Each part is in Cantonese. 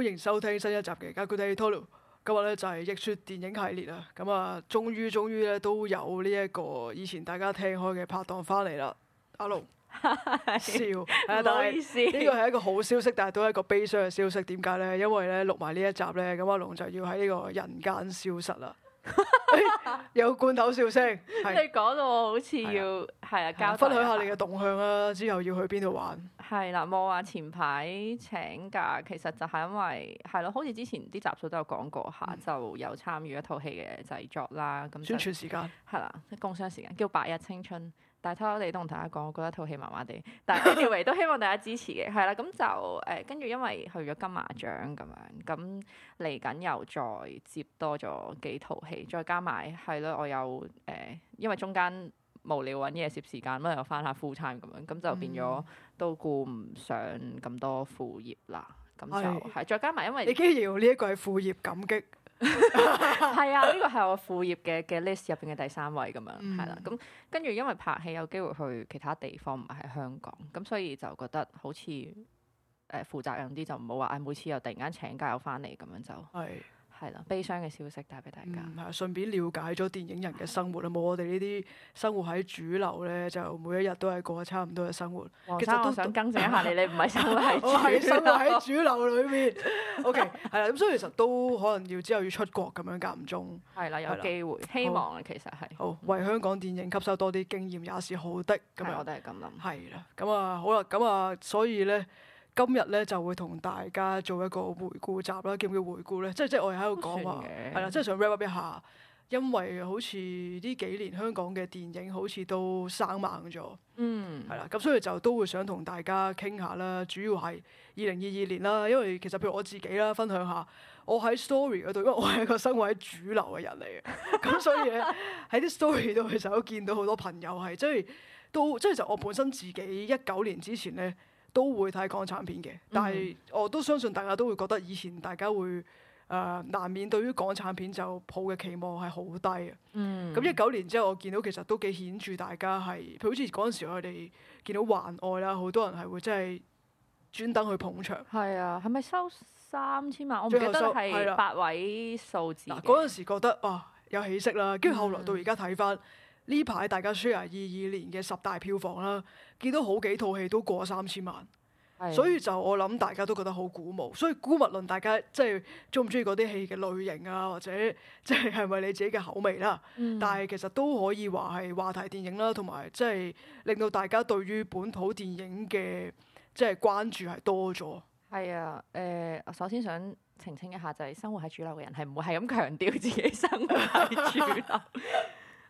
歡迎收聽新一集嘅《家居睇拖》，今日咧就係《逆說電影系列》啦。咁啊，終於終於咧都有呢一個以前大家聽開嘅拍檔翻嚟啦。阿龍笑，唔好意思，呢個係一個好消息，但係都係一個悲傷嘅消息。點解咧？因為咧錄埋呢一集咧，咁阿龍就要喺呢個人間消失啦。 哎、有罐頭笑聲，你講到我好似要係啊，啊交代。分享下你嘅動向啊，之後要去邊度玩？係啦、啊，我話前排請假，其實就係因為係咯、啊，好似之前啲集數都有講過下，嗯、就有參與一套戲嘅製作啦。咁宣傳時間係啦，工、啊、商時間叫《白日青春》。但係偷偷地都同大家講，我覺得套戲麻麻地，但係 TVB 都希望大家支持嘅，係啦。咁就誒，跟、呃、住因為去咗金馬獎咁樣，咁嚟緊又再接多咗幾套戲，再加埋係咯，我又，誒、呃，因為中間無聊揾嘢攝時間，咁又翻下 full time 咁樣，咁就變咗都顧唔上咁多副業啦。咁、嗯、就係的再加埋，因為你竟然用呢一個係副業感激。係 啊，呢個係我副業嘅嘅 list 入邊嘅第三位咁樣，係啦、嗯，咁跟住因為拍戲有機會去其他地方，唔係喺香港，咁所以就覺得好似誒負責任啲，就唔好話誒每次又突然間請假又翻嚟咁樣就係。係啦，悲傷嘅消息帶俾大家。嗯，係順便了解咗電影人嘅生活啦。冇我哋呢啲生活喺主流咧，就每一日都係過得差唔多嘅生活。其實都想更正一下你，你唔係生活喺主流。我係生活喺主流裏面。OK，係啦，咁所以其實都可能要之後要出國咁樣間唔中。係啦，有機會，希望啊，其實係。好，為香港電影吸收多啲經驗也是好的。係，我哋係咁諗。係啦，咁啊，好啦，咁啊，所以咧。今日咧就會同大家做一個回顧集啦，叫唔叫回顧咧？即即我哋喺度講話，係啦，即係想 wrap up 一下，因為好似呢幾年香港嘅電影好似都生猛咗，嗯，係啦，咁所以就都會想同大家傾下啦。主要係二零二二年啦，因為其實譬如我自己啦，分享下我喺 story 嗰度，因為我係一個生活喺主流嘅人嚟嘅，咁 所以咧喺啲 story 度其實都見到好多朋友係，即係、都即係就、我本身自己一九年之前咧。都會睇港產片嘅，但係我都相信大家都會覺得以前大家會誒、呃、難免對於港產片就抱嘅期望係好低嘅。咁一九年之後，我見到其實都幾顯著，大家係佢好似嗰陣時我哋見到環外啦，好多人係會真係專登去捧場。係啊，係咪收三千萬？我唔最後 記得係八位數字。嗱，嗰陣時覺得哇有起色啦，跟住後到來、嗯、到而家睇法。呢排大家 share 二二年嘅十大票房啦，見到好幾套戲都過三千萬，的所以就我諗大家都覺得好鼓舞。所以估唔估，無論大家即係中唔中意嗰啲戲嘅類型啊，或者即係係咪你自己嘅口味啦，嗯、但係其實都可以話係話題電影啦，同埋即係令到大家對於本土電影嘅即係關注係多咗。係啊，誒、呃，我首先想澄清一下就係生活喺主流嘅人係唔會係咁強調自己生活喺主流。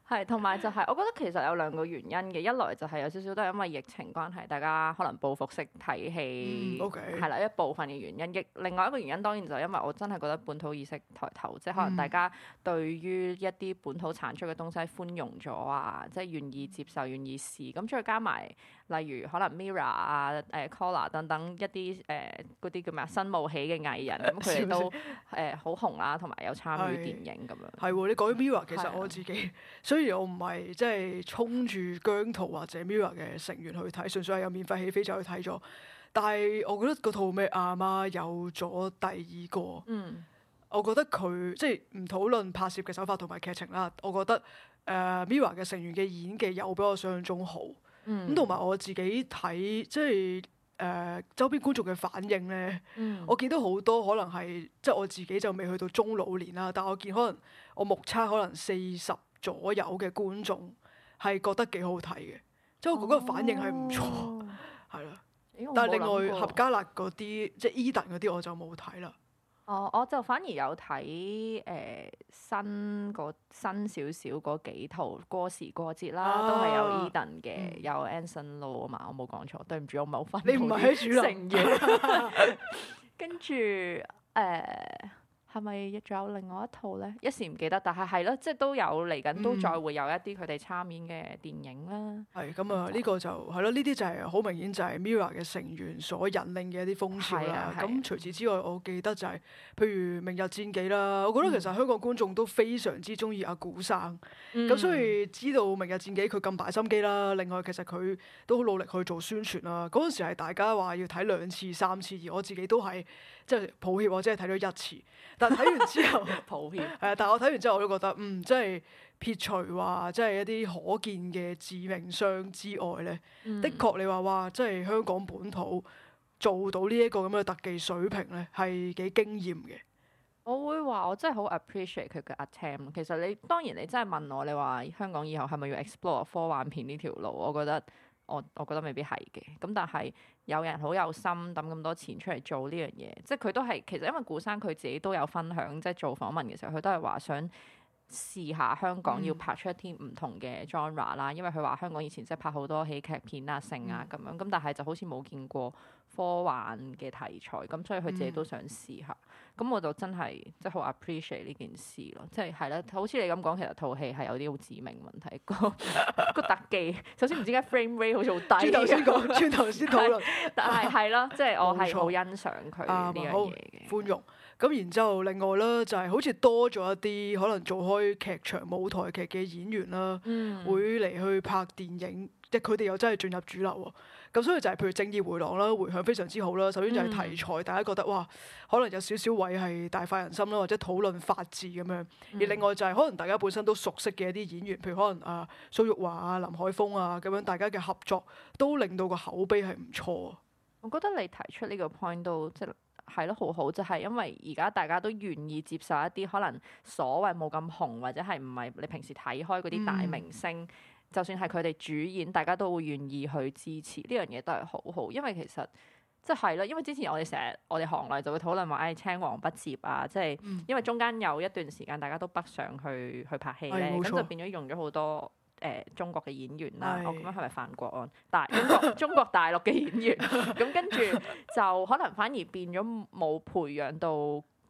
係，同埋就係，我覺得其實有兩個原因嘅。一來就係有少少都係因為疫情關係，大家可能報復式睇戲，係啦、嗯 okay. 一部分嘅原因。亦另外一個原因當然就係因為我真係覺得本土意識抬頭，即係可能大家對於一啲本土產出嘅東西寬容咗啊，即係願意接受、願意試。咁再加埋。例如可能 Mirror 啊、誒、呃、Collar 等等一啲誒嗰啲叫咩啊，新冒起嘅藝人，咁佢哋都誒好、呃、紅啊，同埋有參與電影咁樣。係， 你講起 Mirror 其實我自己，是的 雖然我唔係即係衝住姜濤或者 Mirror 嘅成員去睇，純粹係有免費戲飛就去睇咗。但係我覺得個套咩阿媽有咗第二個。嗯、我覺得佢即係唔討論拍攝嘅手法同埋劇情啦，我覺得誒 Mirror 嘅成員嘅演技又比我想象中好。咁同埋我自己睇，即係誒、呃、周邊觀眾嘅反應咧，嗯、我見到好多可能係，即係我自己就未去到中老年啦，但係我見可能我目測可能四十左右嘅觀眾係覺得幾好睇嘅，即係我覺得反應係唔錯，係啦、哦。了欸、但係另外闔家辣嗰啲，即係 Edan 嗰啲，我就冇睇啦。哦，我就反而有睇誒、呃、新新少少嗰幾套過時過節啦，啊、都係有 Edan 嘅，嗯、有 Anson Lo 啊嘛，我冇講錯，對唔住，我冇分你唔係喺主力成員， 跟住誒。呃係咪仲有另外一套咧？一時唔記得，但係係咯，即係都有嚟緊，都再會有一啲佢哋參演嘅電影啦。係咁啊，呢、嗯嗯、個就係咯，呢啲就係、是、好明顯就係 Mirror 嘅成員所引領嘅一啲風潮啦。咁除此之外，我記得就係、是、譬如《明日戰記》啦，我覺得其實香港觀眾都非常之中意阿古生，咁、嗯、所以知道《明日戰記》佢咁大心機啦。另外，其實佢都好努力去做宣傳啦。嗰陣時係大家話要睇兩次、三次，而我自己都係即係抱歉，我真係睇咗一次，但睇完之後，普遍。係啊，但我睇完之後我都覺得，嗯，真係撇除話，即係一啲可見嘅致命傷之外咧，嗯、的確你話哇，即係香港本土做到呢一個咁嘅特技水平咧，係幾驚豔嘅。我會話我真係好 appreciate 佢嘅 attempt。其實你當然你真係問我，你話香港以後係咪要 explore 科幻片呢條路？我覺得。我我覺得未必係嘅，咁但係有人好有心抌咁多錢出嚟做呢樣嘢，即係佢都係其實因為顧生佢自己都有分享，即係做訪問嘅時候，佢都係話想。試下香港要拍出一啲唔同嘅 genre 啦，因為佢話香港以前即係拍好多喜劇片啊、性啊咁樣，咁但係就好似冇見過科幻嘅題材，咁所以佢自己都想試下。咁、嗯、我就真係即係、就、好、是、appreciate 呢件事咯，即係係啦。就是、好似你咁講，其實套戲係有啲好致命問題，個 個特技首先唔知點解 frame rate 好似好低。 轉頭先講，轉頭先討論。 但係係咯，即係、就是、我係好欣賞佢呢樣嘢嘅。寬容。咁然之後，另外咧就係、是、好似多咗一啲可能做開劇場舞台劇嘅演員啦，嗯、會嚟去拍電影，即係佢哋又真係進入主流喎。咁所以就係譬如《正義迴廊》啦，迴響非常之好啦。首先就係題材，嗯、大家覺得哇，可能有少少位係大快人心啦，或者討論法治咁樣。而另外就係、是、可能大家本身都熟悉嘅一啲演員，譬如可能啊、呃、蘇玉華啊、林海峰啊咁樣，大家嘅合作都令到個口碑係唔錯。我覺得你提出呢個 point 到即係咯，好好就係、係、因為而家大家都願意接受一啲可能所謂冇咁紅或者係唔係你平時睇開嗰啲大明星，嗯、就算係佢哋主演，大家都會願意去支持呢樣嘢都係好好，因為其實即係咯，因為之前我哋成日我哋行內就會討論話、哎、青黃不接啊，即、就、係、係、因為中間有一段時間大家都北上去去拍戲咧，咁、哎、就變咗用咗好多。誒、呃、中國嘅演員啦，我咁是、哦、樣係咪犯國安？但中國 中國大陸嘅演員，咁 跟住就可能反而變咗冇培養到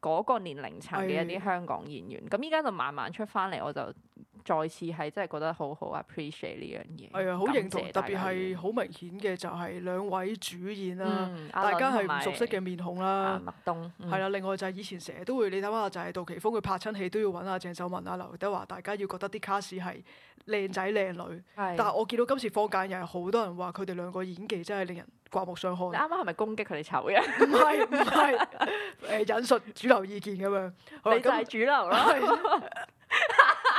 嗰個年齡層嘅一啲香港演員，咁依家就慢慢出翻嚟，我就。再次係真係覺得好好 appreciate 呢樣嘢，係啊，好認同，特別係好明顯嘅就係兩位主演啦，大家係唔熟悉嘅面孔啦，麥冬，係啦，另外就係以前成日都會你睇下，就係杜琪峰，佢拍親戲都要揾阿鄭秀文、阿劉德華，大家要覺得啲卡 a s 係靚仔靚女，但係我見到今次放假又係好多人話佢哋兩個演技真係令人刮目相看。啱啱係咪攻擊佢哋醜嘅？唔係唔係，誒引述主流意見咁樣，你就係主流咯。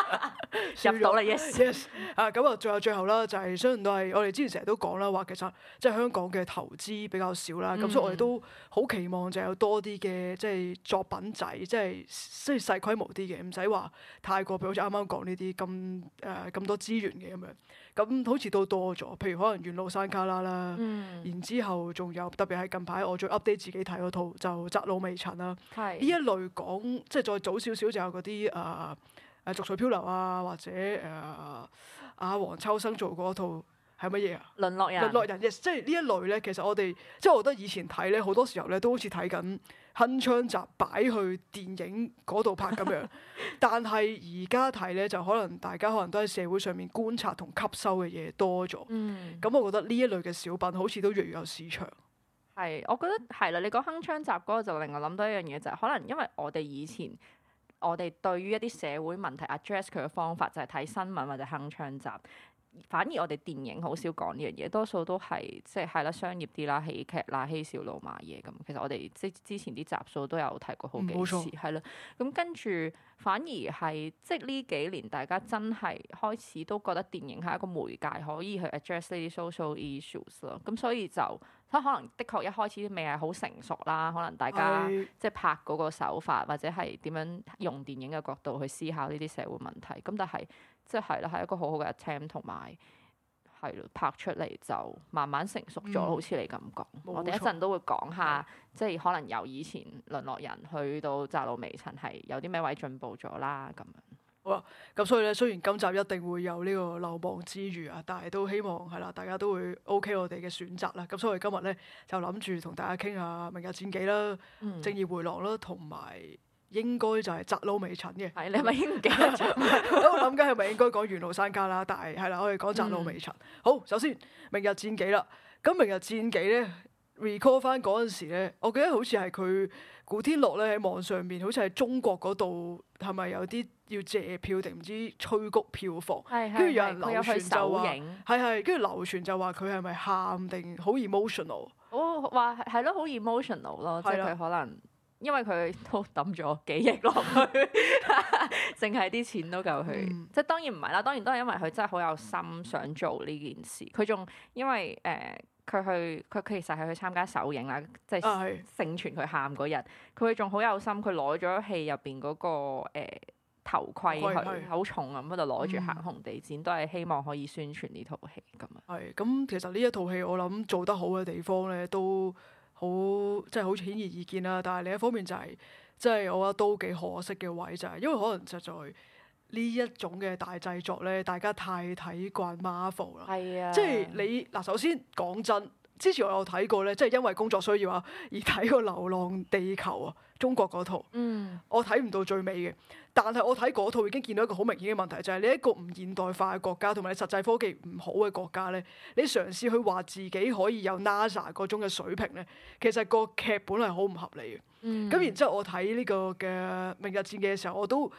入到啦 了 yes yes 啊，咁，啊最後最後啦，就係雖然都係我哋之前成日都講啦，話其實即係香港嘅投資比較少啦咁、mm hmm. 所以我哋都好期望就有多啲嘅即係作品仔，即係即係細規模啲嘅唔使話太過，如剛剛呃、好似啱啱講呢啲咁誒咁多資源嘅咁樣咁好似都多咗，譬如可能緣路山旮旯啦，mm hmm. 然之後仲有特別係近排我最 update 自己睇嗰套就窄路微塵啦，呢對一類講即係再早少少就有嗰啲誒。呃呃啊！濁水漂流啊，或者誒阿黃秋生做嗰套係乜嘢啊？《淪落人》《淪落人》yes, 即係呢一類咧，其實我哋即係我覺得以前睇咧，好多時候咧都好似睇緊鏗鏘集擺去電影嗰度拍咁樣。 但係而家睇咧，就可能大家可能都喺社會上面觀察同吸收嘅嘢多咗。嗯，咁我覺得呢一類嘅小品好似都越，越有市場。係，我覺得係啦。你講鏗鏘集嗰個就令我諗到一樣嘢，就係、是、可能因為我哋以前。我哋對於一啲社會問題 address 佢嘅方法就係、是、睇新聞或者鏗鏘集，反而我哋電影好少講呢樣嘢，多數都係即係啦，商業啲啦，喜劇啦，嬉笑怒罵嘢咁。其實我哋即之前啲集數都有提過好幾次，係啦錯。咁跟住反而係即係呢幾年大家真係開始都覺得電影係一個媒介可以去 address 呢啲 social issues 咯。咁所以就。可能的確一開始未係好成熟啦，可能大家即係拍嗰個手法或者係點樣用電影嘅角度去思考呢啲社會問題。咁但係即係啦，係一個好好嘅 attempt，同埋係咯拍出嚟就慢慢成熟咗，嗯、好似你咁講。冇錯。我哋一陣都會講下，即係可能由以前淪落人去到窄路微塵，係有啲咩位進步咗啦咁樣。好啊，咁所以咧，雖然今集一定會有呢個漏網之魚啊，但係都希望係啦，大家都會 O、OK、K 我哋嘅選擇啦、啊。咁所以今日咧就諗住同大家傾下明日戰記啦，嗯、正義迴廊啦，同埋應該就係窄路微塵嘅。係、嗯，你係咪應該 都諗緊係咪應該講緣路山旮旯啦？但係係啦，我哋講窄路微塵。嗯、好，首先明日戰記啦。咁明日戰記咧？recall 翻嗰陣時咧，我記得好似係佢古天樂咧喺網上面，好似喺中國嗰度，係咪有啲要借票定唔知催谷票房？係跟住有人流傳就話係係，跟住流傳就話佢係咪喊定好 emotional？哦，話係係咯，好 emotional 咯，啊、即係佢可能因為佢都抌咗幾億落去，淨係啲錢都夠佢。即係、嗯、當然唔係啦，當然都係因為佢真係好有心想做呢件事。佢仲、嗯、因為誒。佢去佢其實係去參加首映啦，即係盛傳佢喊嗰日，佢仲好有心，佢攞咗戲入邊嗰個誒、欸、頭盔去，好重啊，咁就攞住行紅地毯，嗯、都係希望可以宣傳呢套戲咁啊。係咁，其實呢一套戲我諗做得好嘅地方咧，都好即係好顯而易見啦。但係另一方面就係即係我覺得都幾可惜嘅位就係，因為可能實在。呢一種嘅大製作咧，大家太睇慣 Marvel 啦。係啊，即係你嗱，首先講真，之前我有睇過咧，即係因為工作需要啊，而睇過《流浪地球》啊，中國嗰套。嗯。我睇唔到最尾嘅，但係我睇嗰套已經見到一個好明顯嘅問題，就係、是、你一個唔現代化嘅國家，同埋你實際科技唔好嘅國家咧，你嘗試去話自己可以有 NASA 嗰種嘅水平咧，其實個劇本係好唔合理嘅。咁、嗯、然之後，我睇呢個嘅《明日戰記》嘅時候，我都。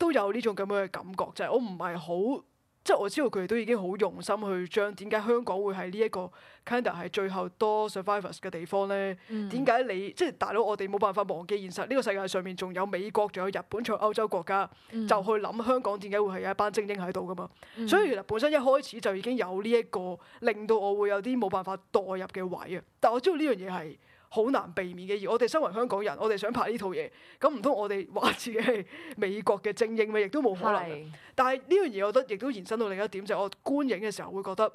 都有呢種咁樣嘅感覺，就係、是、我唔係好，即、就、係、是、我知道佢哋都已經好用心去將點解香港會係呢一個 candidate 係最後多 survivors 嘅地方咧？點解、嗯、你即係、就是、大佬？我哋冇辦法忘記現實，呢個世界上面仲有美國，仲有日本，仲有歐洲國家，嗯、就去諗香港點解會係有一班精英喺度㗎嘛？嗯、所以原來本身一開始就已經有呢一個令到我會有啲冇辦法代入嘅位啊！但係我知道呢樣嘢係。好難避免嘅，而我哋身為香港人，我哋想拍呢套嘢，咁唔通我哋話自己係美國嘅精英咩？亦都冇可能。的但係呢樣嘢，我覺得亦都延伸到另一點，就係、是、我觀影嘅時候會覺得，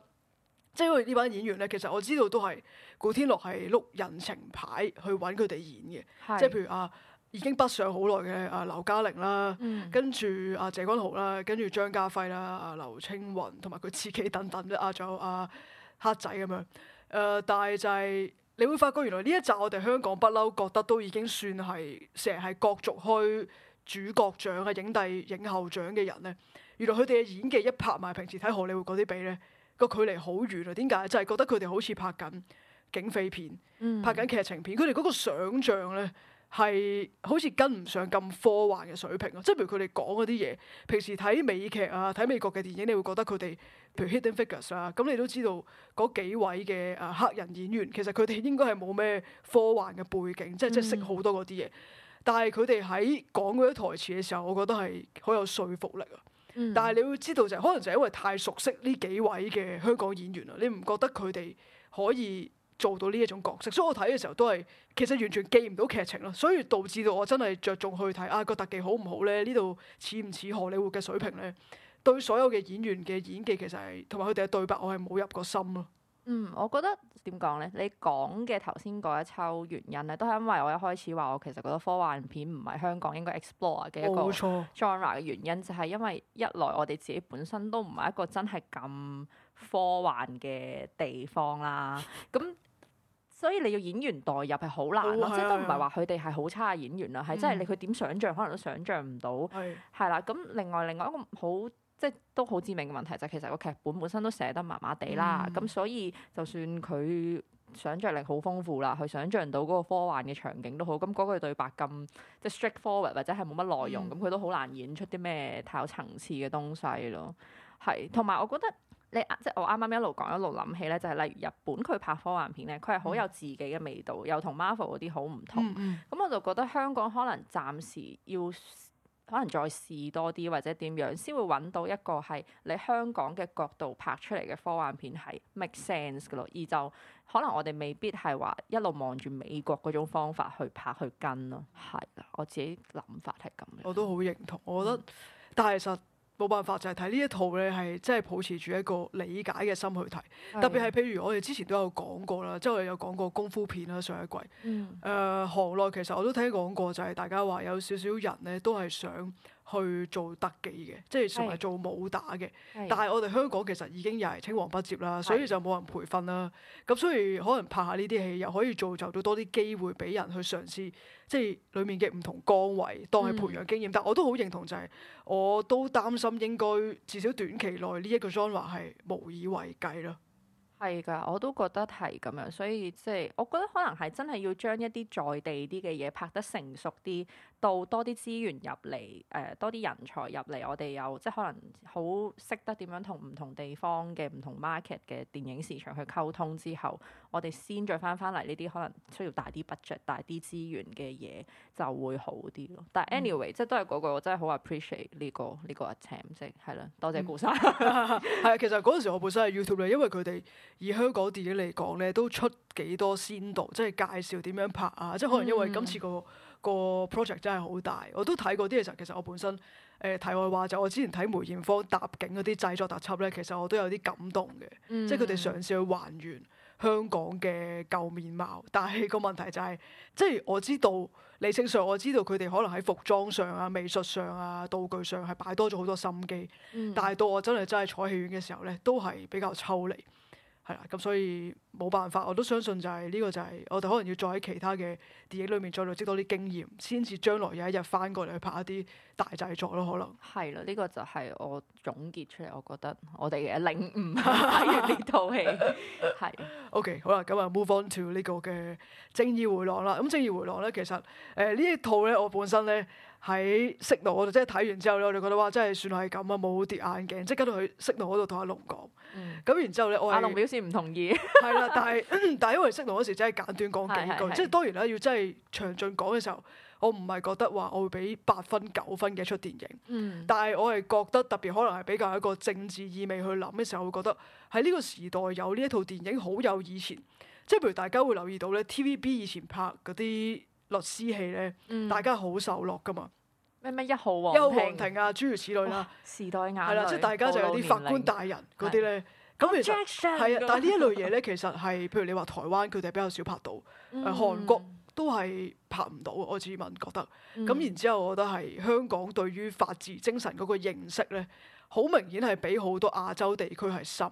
即係因為呢班演員咧，其實我知道都係古天樂係碌人情牌去揾佢哋演嘅，的即係譬如啊，已經北上好耐嘅啊劉嘉玲啦，跟住、嗯、啊謝君豪啦，跟住張家輝啦，啊劉青雲同埋佢自己等等咧，啊仲有阿、啊、黑仔咁樣，誒但係就係。你會發覺原來呢一集我哋香港不嬲覺得都已經算係成日係角逐開主角獎啊影帝影后獎嘅人咧，原來佢哋嘅演技一拍埋平時睇荷里活嗰啲比咧、個距離好遠啊！點解？就係、是、覺得佢哋好似拍緊警匪片，拍緊劇情片，佢哋嗰個想像咧。係好似跟唔上咁科幻嘅水平咯，即係譬如佢哋講嗰啲嘢，平時睇美劇啊，睇美國嘅電影，你會覺得佢哋譬如 Hidden Figures 啊。咁你都知道嗰幾位嘅誒黑人演員，其實佢哋應該係冇咩科幻嘅背景，即係即係識好多嗰啲嘢，嗯、但係佢哋喺講嗰啲台詞嘅時候，我覺得係好有說服力啊。嗯、但係你會知道就係、可能就因為太熟悉呢幾位嘅香港演員啊。你唔覺得佢哋可以？做到呢一種角色，所以我睇嘅時候都係其實完全記唔到劇情咯，所以導致到我真係着重去睇啊個特技好唔好咧？呢度似唔似荷里活嘅水平咧？對所有嘅演員嘅演技其實係同埋佢哋嘅對白我，我係冇入過心咯。嗯，我覺得點講咧？你講嘅頭先嗰一抽原因咧，都係因為我一開始話我其實覺得科幻片唔係香港應該 explore 嘅一個冇錯 genre 嘅原因，就係、是、因為一來我哋自己本身都唔係一個真係咁。科幻嘅地方啦，咁所以你要演員代入係好難咯，即係都唔係話佢哋係好差嘅演員啊，係、嗯、真係你佢點想像，可能都想像唔到係係啦。咁的另外另外一個好即係都好致命嘅問題就係、是、其實個劇本本身都寫得麻麻地啦。咁、嗯、所以就算佢想像力好豐富啦，佢想像到嗰個科幻嘅場景都好，咁嗰句對白咁即係 straightforward 或者係冇乜內容，咁佢、嗯、都好難演出啲咩太有層次嘅東西咯。係同埋我覺得。你即係我啱啱一路講一路諗起咧，就係、是、例如日本佢拍科幻片咧，佢係好有自己嘅味道，嗯、又同 Marvel 嗰啲好唔同。咁、嗯、我就覺得香港可能暫時要可能再試多啲，或者點樣先會揾到一個係你香港嘅角度拍出嚟嘅科幻片係 make sense 嘅咯。而就可能我哋未必係話一路望住美國嗰種方法去拍去跟咯。係啦，我自己諗法係咁。我都好認同，我覺得，但係其冇辦法就係睇呢一套咧，係真係抱持住一個理解嘅心去睇。是的 特別係譬如我哋之前都有講過啦，即係我哋有講過功夫片啦上一季。誒、嗯呃，行內其實我都聽講過，就係、是、大家話有少少人咧都係想去做特技嘅，即係同埋做武打嘅。是但係我哋香港其實已經又係青黃不接啦，是所以就冇人培訓啦。咁所以可能拍下呢啲戲，又可以造就到多啲機會俾人去嘗試，即係裡面嘅唔同崗位，當係培養經驗。嗯、但我都好認同、就是，就係我都擔心，應該至少短期內呢一個 genre 係無以為繼啦。係噶，我都覺得係咁樣。所以即、就、係、是、我覺得可能係真係要將一啲在地啲嘅嘢拍得成熟啲，到多啲資源入嚟，誒、呃、多啲人才入嚟，我哋有即係可能好識得點樣同唔同地方嘅唔同 market 嘅電影市場去溝通之後，我哋先再翻翻嚟呢啲可能需要大啲 budget、大啲資源嘅嘢就會好啲咯。但係 anyway，即係都係嗰、嗰個，我真係好 appreciate 呢個呢、呢個 attempt，係咯，多謝顧生。係啊，其實嗰陣時我本身喺 YouTube 咧，因為佢哋以香港電影嚟講咧，都出幾多先導，即係介紹點樣拍啊，即係可能因為今次、嗰個。嗯嗯個 project 真係好大，我都睇過啲嘢。實其實我本身誒題、呃、外話就是、我之前睇梅艷芳搭景嗰啲製作特輯咧，其實我都有啲感動嘅，嗯、即係佢哋嘗試去還原香港嘅舊面貌。但係個問題就係、是，即係我知道，理性上我知道佢哋可能喺服裝上啊、美術上啊、道具上係擺多咗好多心機，嗯、但係到我真係真係坐戲院嘅時候咧，都係比較抽離。係啦，咁所以冇辦法，我都相信就係呢個就係我哋可能要再喺其他嘅電影裏面再累積多啲經驗，先至將來有一日翻過嚟去拍一啲大製作咯，可能係咯，呢、呢個就係我總結出嚟，我覺得我哋嘅領悟呢套戲係。 的 OK，好啦，咁啊，move on to 呢個嘅《正義迴廊》啦。咁《正義迴廊》咧，其實誒呢、呃、一套咧，我本身咧。喺息怒，我哋即係睇完之後咧，我哋覺得哇，真係算係咁啊！冇跌眼鏡，即係跟住去息怒嗰度同阿龍講。咁、嗯、然之後咧，我阿龍表示唔同意。係 啦，但係、嗯、但係因為息怒嗰時真係簡短講幾句，是的是的即係當然啦，要真係詳盡講嘅時候，我唔係覺得話我會俾八分九分嘅出電影。嗯、但係我係覺得特別可能係比較一個政治意味去諗嘅時候，我會覺得喺呢個時代有呢一套電影好有以前。即係譬如大家會留意到咧，TVB 以前拍嗰啲。律師戲咧，嗯、大家好受落噶嘛？咩咩一號啊，壹號皇庭啊，諸如此類啦、啊。時代眼淚啦，了即係大家就有啲法官大人嗰啲咧。咁其實係啊，嗯、但係呢一類嘢咧，其實係譬如你話台灣，佢哋比較少拍到；韓、嗯、國都係拍唔到。我自問覺得咁，然之後我覺得係香港對於法治精神嗰個認識咧，好明顯係比好多亞洲地區係深。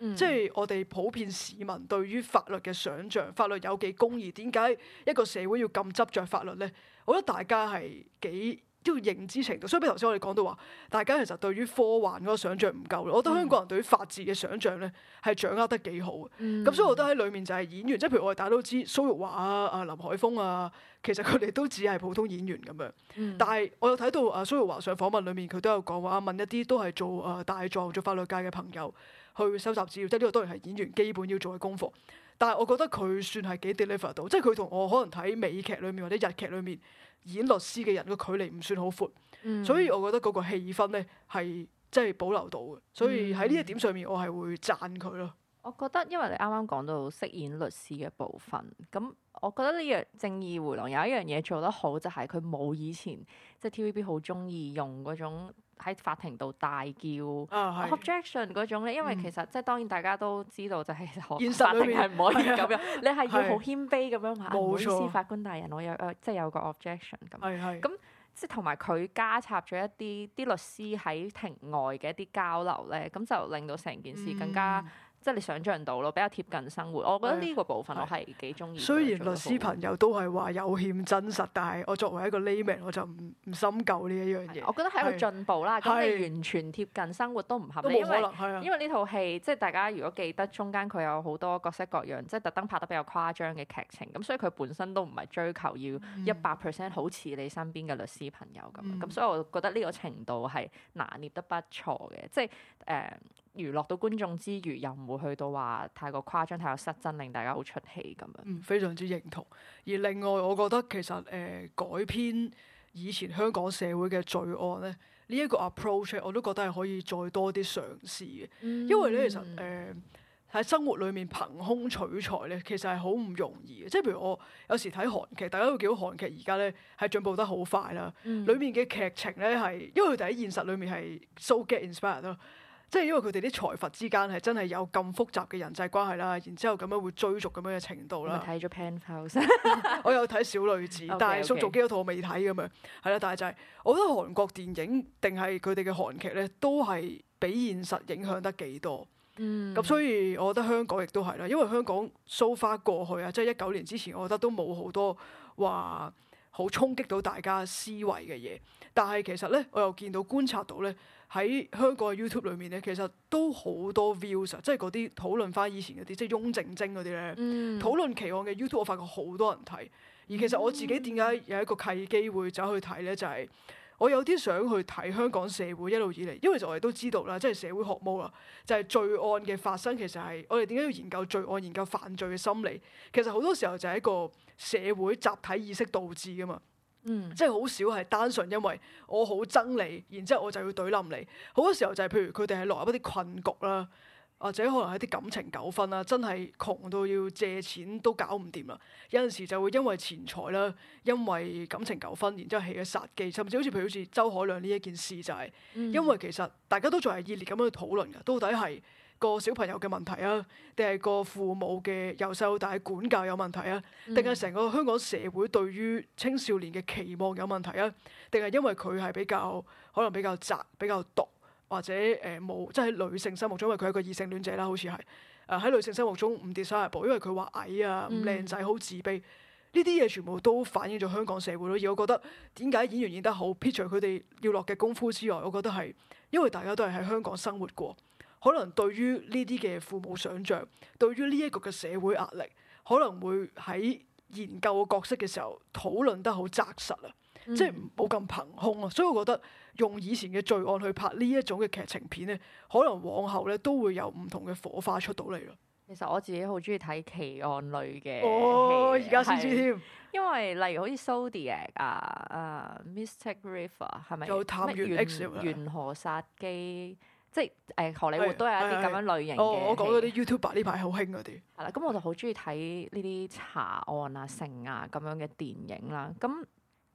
嗯、即係我哋普遍市民對於法律嘅想像，法律有幾公義？點解一個社會要咁執着法律呢？我覺得大家係幾都認知程度，相比頭先我哋講到話，大家其實對於科幻嗰個想像唔夠。我覺得香港人對於法治嘅想像呢係掌握得幾好。咁、嗯、所以我覺得喺裡面就係演員，即係、嗯、譬如我哋大家都知，蘇玉華啊、林海峰啊，其實佢哋都只係普通演員咁樣。嗯、但係我有睇到阿蘇玉華上訪問裡面，佢都有講話問一啲都係做誒大狀、做法律界嘅朋友。去收集資料，即係呢個當然係演員基本要做嘅功課。但係我覺得佢算係幾 deliver 到，即係佢同我可能睇美劇裏面或者日劇裏面演律師嘅人嘅距離唔算好闊，嗯、所以我覺得嗰個氣氛咧係即係保留到嘅，所以喺呢一點上面我係會讚佢咯。我覺得，因為你啱啱講到飾演律師嘅部分，咁我覺得呢樣正義迴廊有一樣嘢做得好，就係佢冇以前即係 TVB 好中意用嗰種喺法庭度大叫、啊、objection 嗰種咧，因為其實、嗯、即係當然大家都知道，就係、是、法庭係唔可以咁樣，樣啊、你係要好謙卑咁樣話，唔好意思，法官大人，我有即係有個 objection 咁。係係咁即係同埋佢加插咗一啲啲律師喺庭外嘅一啲交流咧，咁就令到成件事更加、嗯。即係你想像到咯，比較貼近生活。我覺得呢個部分我係幾中意。雖然律師朋友都係話有欠真實，是的 但係我作為一個匿名，我就唔唔深究呢一樣嘢。我覺得係一個進步啦。咁是的 你完全貼近生活都唔合，都冇可能因為呢套是的 戲，即係大家如果記得中間佢有好多各式各樣，即係特登拍得比較誇張嘅劇情。咁所以佢本身都唔係追求要一百 percent 好似你身邊嘅律師朋友咁。咁、嗯嗯、所以我覺得呢個程度係拿捏得不錯嘅。即係誒。嗯娛樂到觀眾之餘，又唔會去到話太過誇張、太過失真，令大家好出戲咁樣。嗯，非常之認同。而另外，我覺得其實誒、呃、改編以前香港社會嘅罪案咧，呢、這、一個 approach 我都覺得係可以再多啲嘗試嘅。嗯、因為咧其實誒喺、呃、生活裡面憑空取材咧，其實係好唔容易嘅。即係譬如我有時睇韓劇，大家都見到韓劇而家咧係進步得好快啦。嗯，裏面嘅劇情咧係因為佢哋喺現實裡面係 so get inspired 咯。即係因為佢哋啲財閥之間係真係有咁複雜嘅人際關係啦，然之後咁樣會追逐咁樣嘅程度啦。睇咗《Penthouse》， 我有睇《小女子》， okay, okay。但係《掃毒》幾多套我未睇咁樣，係啦。但係就係、是、我覺得韓國電影定係佢哋嘅韓劇咧，都係畀現實影響得幾多。嗯。咁所以，我覺得香港亦都係啦，因為香港數返過去啊，即係一九年之前，我覺得都冇好多話好衝擊到大家思維嘅嘢。但係其實咧，我又見到觀察到咧。喺香港嘅 YouTube 裏面咧，其實都好多 views，即係嗰啲討論翻以前嗰啲，即係雍正精嗰啲咧，討論奇、嗯、案嘅 YouTube，我發覺好多人睇。而其實我自己點解有一個契機，機會走去睇咧，就係、是、我有啲想去睇香港社會一路以嚟，因為就我哋都知道啦，即係社會學冇啦，就係、是、罪案嘅發生其實係我哋點解要研究罪案、研究犯罪嘅心理，其實好多時候就係一個社會集體意識導致㗎嘛。嗯、即係好少係單純因為我好憎你，然之後我就要懟冧你。好多時候就係、是、譬如佢哋係落入一啲困局啦，或者可能係啲感情糾紛啦，真係窮到要借錢都搞唔掂啦。有陣時就會因為錢財啦，因為感情糾紛，然之後起咗殺機，甚至好似譬如好似周海亮呢一件事就係、是，嗯、因為其實大家都仲係熱烈咁樣去討論嘅，到底係個小朋友嘅問題啊，定係個父母嘅由細到大管教有問題啊，定係成個香港社會對於青少年嘅期望有問題啊，定係因為佢係比較可能比較宅、比較毒，或者誒冇、呃，即係喺女性心目中，因為佢係個異性戀者啦，好似係喺女性心目中唔 desirable，因為佢話矮啊、唔靚仔、好自卑，呢啲嘢全部都反映咗香港社會咯。而我覺得，點解演員演得好，撇除佢哋要落嘅功夫之外，我覺得係因為大家都係喺香港生活過。可能對於呢啲嘅父母想像，對於呢一個嘅社會壓力，可能會喺研究個角色嘅時候討論得好紮實啊，嗯、即係冇咁憑空咯。所以我覺得用以前嘅罪案去拍呢一種嘅劇情片咧，可能往後咧都會有唔同嘅火花出到嚟咯。其實我自己好中意睇奇案類嘅，哦，而家先知添，因為例如好似 Sodiac 啊、Mystic River 係咪？就探月 X 懸河殺機。即係誒荷里活都有一啲咁樣類型嘅。我講嗰啲 YouTuber 呢排好興嗰啲。係啦、嗯，咁我就好中意睇呢啲查案啊、城啊咁樣嘅電影啦。咁《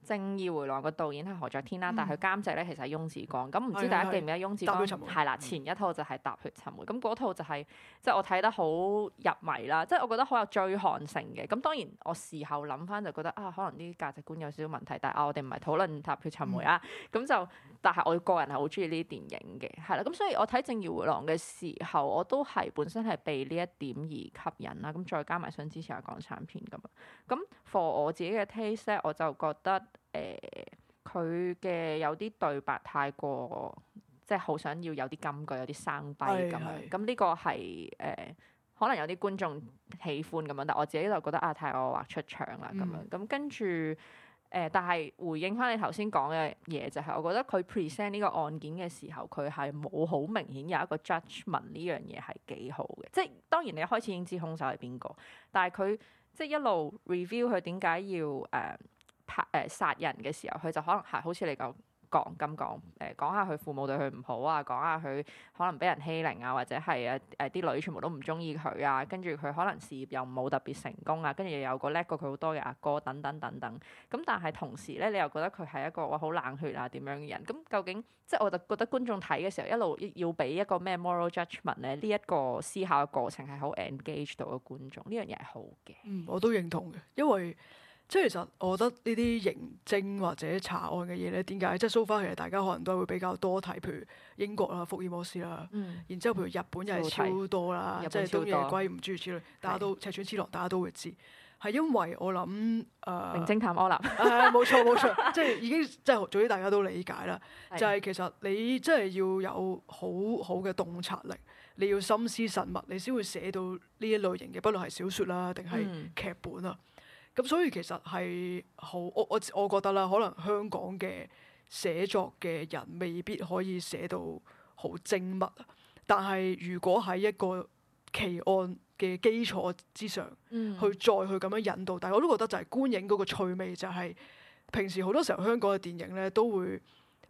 正義迴廊》個導演係何爵天啦、啊，嗯、但係佢監製咧其實係翁子光。咁唔知大家記唔記得翁子光？係啦，前一套就係《踏血尋梅》嗯。咁嗰套就係即係我睇得好入迷啦，即、就、係、是、我覺得好有追看性嘅。咁當然我事後諗翻就覺得啊，可能啲價值觀有少少問題。但係啊，我哋唔係討論《踏血尋梅》啊，咁就。但係我個人係好中意呢啲電影嘅，係啦，咁所以我睇《正義迴廊》嘅時候，我都係本身係被呢一點而吸引啦。咁再加埋想支持下港產片咁啊。咁 for 我自己嘅 taste 我就覺得誒佢嘅有啲對白太過即係好想要有啲金句、有啲生僻咁樣。咁呢是的 個係誒、呃、可能有啲觀眾喜歡咁樣，但我自己就覺得啊，太我畫出場啦咁樣。咁、嗯、跟住。誒，但係回應翻你頭先講嘅嘢，就係、是、我覺得佢 present 呢個案件嘅時候，佢係冇好明顯有一個 judgement 呢樣嘢係幾好嘅。即係當然你一開始已經知兇手係邊個，但係佢即係一路 review 佢點解要誒、呃、拍誒殺、呃、人嘅時候，佢就可能係好似你咁。講咁講，誒講下佢父母對佢唔好啊，講下佢可能俾人欺凌啊，或者係誒誒啲女全部都唔中意佢啊，跟住佢可能事業又冇特別成功啊，跟住又有個叻過佢好多嘅阿哥等等等等。咁但係同時咧，你又覺得佢係一個哇好冷血啊點樣嘅人？咁究竟即係我就覺得觀眾睇嘅時候，一路要俾一個咩 moral judgment 咧，呢一個思考嘅過程係好 engage 到嘅觀眾，呢樣嘢係好嘅。嗯，我都認同嘅，因為。即係其實我覺得呢啲刑偵或者查案嘅嘢咧，點解即係 so far 其實大家可能都係會比較多睇，譬如英國啦、福爾摩斯啦，嗯、然之後譬如日本又係超多啦，多多即係東野圭吾諸如此類，大家都是赤川次郎，大家都會知。係因為我諗誒，名、呃、偵探柯南，冇 錯冇錯，即係已經即係早啲大家都理解啦。 就係其實你真係要有好好嘅洞察力，你要心思縝密，你先會寫到呢一類型嘅，不論係小説啦定係劇本啊。嗯咁所以其實係好我我我覺得啦，可能香港嘅寫作嘅人未必可以寫到好精密，但係如果喺一個奇案嘅基礎之上，去再去咁樣引導，但係我都覺得就係觀影嗰個趣味就係，平時好多時候香港嘅電影咧都會。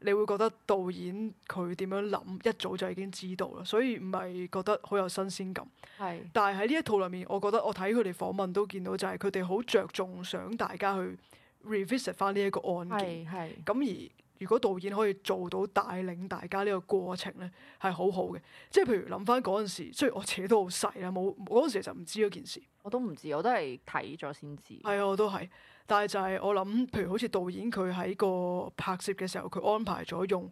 你會覺得導演佢點樣諗，一早就已經知道啦，所以唔係覺得好有新鮮感。係但係喺呢一套入面，我覺得我睇佢哋訪問都見到，就係佢哋好着重想大家去 revisit 翻呢一個案件，咁而。如果導演可以做到帶領大家呢個過程呢，係好好嘅。即係譬如諗翻嗰陣時，雖然我自己都好細啦，冇嗰陣時就唔知嗰件事。我都唔知，我都係睇咗先知。係啊，我都係。但係就係我諗，譬如好似導演佢喺個拍攝嘅時候，佢安排咗用。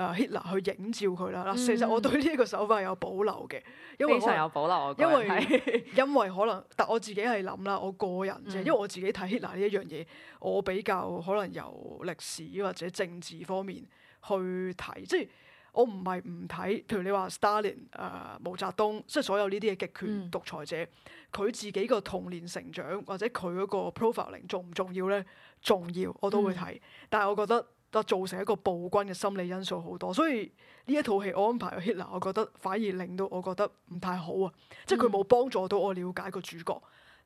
誒 Hitler 去影照佢啦，嗱、嗯，其實我對呢一個手法有保留嘅，因為我非常有保留我，我覺得因為可能，但我自己係諗啦，我個人啫，嗯、因為我自己睇 Hitler 呢一樣嘢，我比較可能由歷史或者政治方面去睇，即係我唔係唔睇，譬如你話 Stalin 誒、呃、毛澤東，即係所有呢啲嘅極權獨裁者，佢、嗯、自己個童年成長或者佢嗰個 profiling 重唔重要咧？重要我都會睇，嗯、但係我覺得。得造成一個暴君嘅心理因素好多，所以呢一套戲我安排咗 Hitler，我覺得反而令到我覺得唔太好啊！即係佢冇幫助到我了解個主角，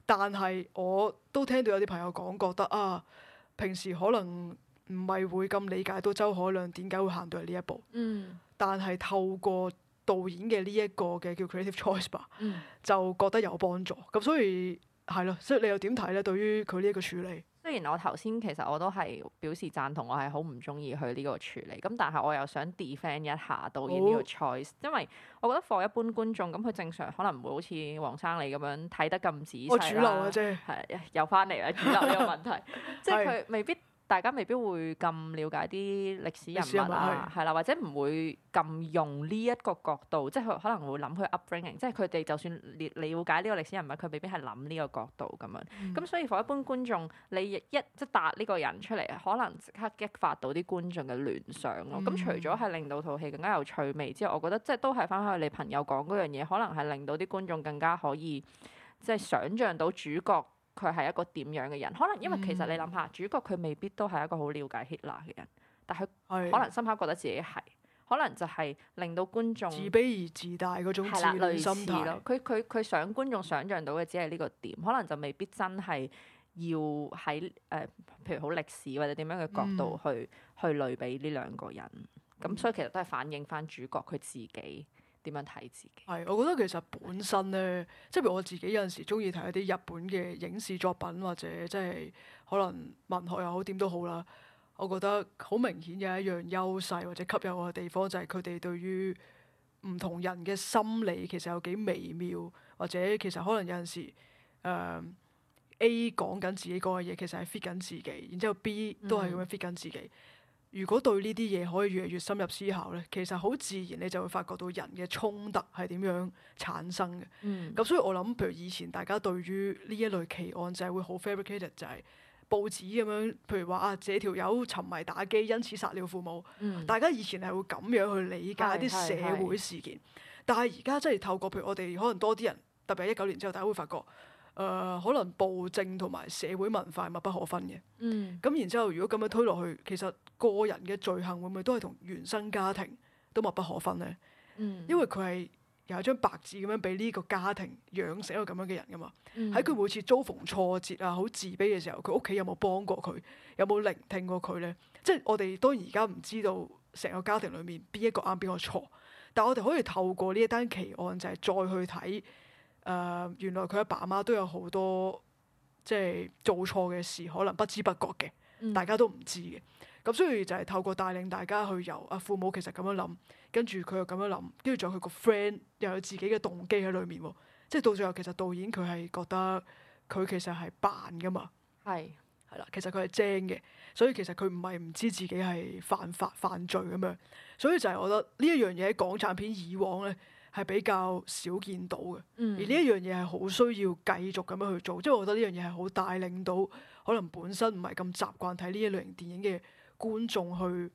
但係我都聽到有啲朋友講，覺得啊，平時可能唔係會咁理解到周海亮點解會行到嚟呢一步。嗯，但係透過導演嘅呢一個嘅叫 creative choice 吧，就覺得有幫助。咁所以係咯，所以你又點睇咧？對於佢呢一個處理？雖然我頭先其實我都係表示贊同，我係好唔中意佢呢個處理，咁但係我又想 defend 一下導演呢個 choice，好因為我覺得放一般觀眾，咁佢正常可能唔會好似黃生你咁樣睇得咁仔細啦。係，又翻嚟啦，主流呢個問題， 即係佢未必。大家未必會咁了解啲歷史人物啊，係啦，吧或者唔會咁用呢一個角度，即係佢可能會諗佢 upbringing，即係佢哋就算了解呢個歷史人物，佢未必係諗呢個角度咁樣，咁、嗯、所以，如果一般觀眾，你一即係答呢個人出嚟，可能即刻激發到啲觀眾嘅聯想咯。咁、嗯、除咗係令到套戲更加有趣味之外，我覺得即係都係翻開你朋友講嗰樣嘢，可能係令到啲觀眾更加可以即係、就是、想象到主角。佢係一個點樣嘅人？可能因為其實你諗下，嗯、主角佢未必都係一個好了解 Hitler 嘅人，但係可能深刻覺得自己係，可能就係令到觀眾自卑而自大嗰種心類似咯。佢佢佢想觀眾想像到嘅只係呢個點，可能就未必真係要喺誒、呃，譬如好歷史或者點樣嘅角度去、嗯、去類比呢兩個人。咁、嗯、所以其實都係反映翻主角佢自己。點樣睇自己？係，我覺得其實本身咧，即係譬如我自己有陣時中意睇一啲日本嘅影視作品，或者即係可能文學又好，點都好啦。我覺得好明顯嘅一樣優勢或者吸引我嘅地方，就係佢哋對於唔同人嘅心理其實有幾微妙，或者其實可能有陣時誒、呃、A 講緊自己講嘅嘢，其實係 fit 緊自己，然之後 B 都係咁樣 fit 緊自己。嗯如果對呢啲嘢可以越嚟越深入思考咧，其實好自然你就會發覺到人嘅衝突係點樣產生嘅。咁、嗯、所以我諗，譬如以前大家對於呢一類奇案就係會好 fabricated，就係報紙咁樣，譬如話啊，這條友沉迷打機，因此殺了父母。嗯、大家以前係會咁樣去理解啲社會事件，係係係係，但係而家真係透過譬如我哋可能多啲人，特別係一九年之後，大家會發覺。誒、呃、可能暴政同埋社會文化密不可分嘅，咁、嗯、然之後如果咁樣推落去，其實個人嘅罪行會唔會都係同原生家庭都密不可分呢？嗯、因為佢係有一張白紙咁樣俾呢個家庭養成一個咁樣嘅人㗎嘛。喺佢、嗯、每次遭逢挫折啊、好自卑嘅時候，佢屋企有冇幫過佢？有冇聆聽過佢呢？即、就、係、是、我哋當然而家唔知道成個家庭裏面邊一個啱邊個錯，但我哋可以透過呢一單奇案就係再去睇。誒、呃、原來佢阿爸媽都有好多即係做錯嘅事，可能不知不覺嘅，大家都唔知嘅。咁、嗯、所以就係透過帶領大家去由阿父母其實咁樣諗，跟住佢又咁樣諗，跟住仲有佢個 friend 又有自己嘅動機喺裏面。哦、即係到最後其實導演佢係覺得佢其實係扮㗎嘛，係係啦。其實佢係精嘅，所以其實佢唔係唔知自己係犯法犯罪咁樣。所以就係我覺得呢一樣嘢喺港產片以往咧。係比較少見到嘅，而呢一樣嘢係好需要繼續咁樣去做，即係我覺得呢樣嘢係好帶領到可能本身唔係咁習慣睇呢一類型電影嘅觀眾去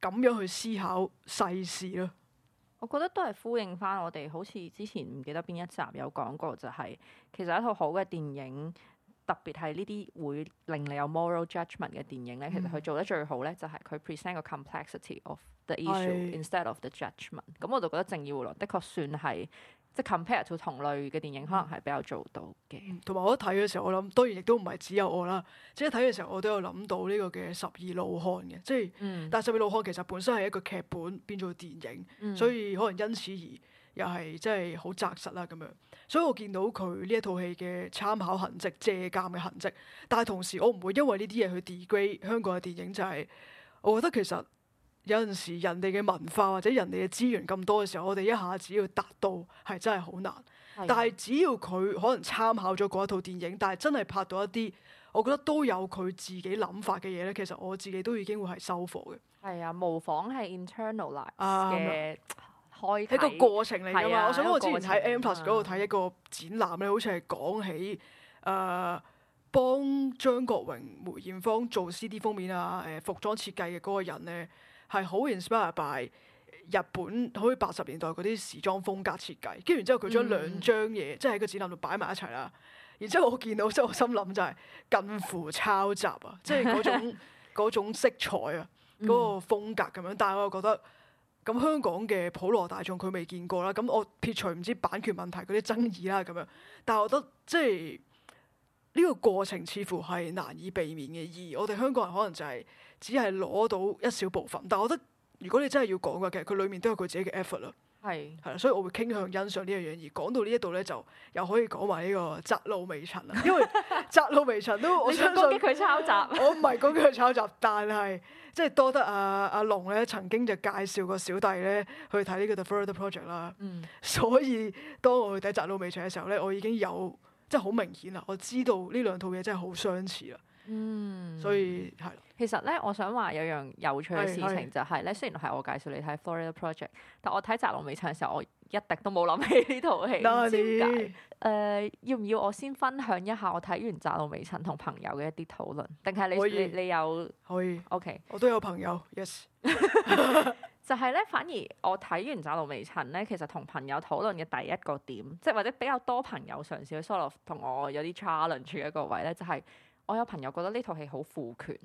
咁樣去思考世事咯。我覺得都係呼應返我哋好似之前唔記得邊一集有講過，就係，就係其實一套好嘅電影。特別係呢啲會令你有 moral judgement 嘅電影咧，嗯、其實佢做得最好咧，就係、是、佢 present 個 complexity of the issue 是 instead of the judgement。咁我就覺得《正義迴廊》的確算係即係、就是、compare to 同類嘅電影，可能係比較做到嘅。同埋我一睇嘅時候，我諗當然亦都唔係只有我啦。即係睇嘅時候，我都有諗到呢、這個嘅《十二怒漢》嘅。即係，嗯、但《十二怒漢》其實本身係一個劇本變咗電影，所以可能因此而。又係真係好紮實啦咁樣，所以我見到佢呢一套戲嘅參考痕跡、借鑑嘅痕跡，但係同時我唔會因為呢啲嘢去 degrade 香港嘅電影。就係、是、我覺得其實有陣時人哋嘅文化或者人哋嘅資源咁多嘅時候，我哋一下子要達到係真係好難。的但係只要佢可能參考咗嗰一套電影，但係真係拍到一啲我覺得都有佢自己諗法嘅嘢咧，其實我自己都已經會係收貨嘅。係啊，模仿係 internalize 嘅、啊。的 嗯喺個過程嚟㗎嘛、啊，我想我之前喺 M+ 嗰度睇一個展覽咧，好似係講起誒幫張國榮、梅艷芳做 CD 封面啊、誒、呃、服裝設計嘅嗰個人咧，係好 inspired by 日本好似八十年代嗰啲時裝風格設計，跟住然之後佢將兩張嘢、嗯、即係喺個展覽度擺埋一齊啦，然之後我見到即係我心諗就係近乎抄襲啊，即係嗰種色彩啊，嗰、嗰個風格咁樣，但係我又覺得。咁香港嘅普羅大眾佢未見過啦，咁我撇除唔知版權問題嗰啲爭議啦咁樣，但係我覺得即係呢個過程似乎係難以避免嘅，而我哋香港人可能就係只係攞到一小部分，但係我覺得如果你真係要講嘅，其實佢裡面都有佢自己嘅 effort 了。係，係啦，所以我會傾向欣賞呢樣嘢。而講到呢一度咧，就又可以講埋呢個《窄路微塵》啦。因為露都《窄路微塵》都我想攻擊佢抄襲。我唔係講佢抄襲，但係即係多得阿阿龍咧，曾經就介紹過小弟咧去睇呢個 The Further Project 啦。嗯。所以當我去睇《窄路微塵》嘅時候咧，我已經有即係好明顯啦，我知道呢兩套嘢真係好相似啦。嗯，所以係。其實咧，我想話有樣有趣嘅事情就係咧，雖然係我介紹你睇 Florida Project，但我睇《窄路微塵》嘅時候，我一滴都冇諗起呢套戲點解。誒、呃，要唔要我先分享一下我睇完《窄路微塵》同朋友嘅一啲討論？定係你以你，你有可以？OK，我都有朋友。Yes， 就係咧，反而我睇完《窄路微塵》咧，其實同朋友討論嘅第一個點，即係或者比較多朋友嘗試去 solve 同我有啲 challenge 嘅一個位咧，就係、是。我有朋友覺得呢套戲好賦權，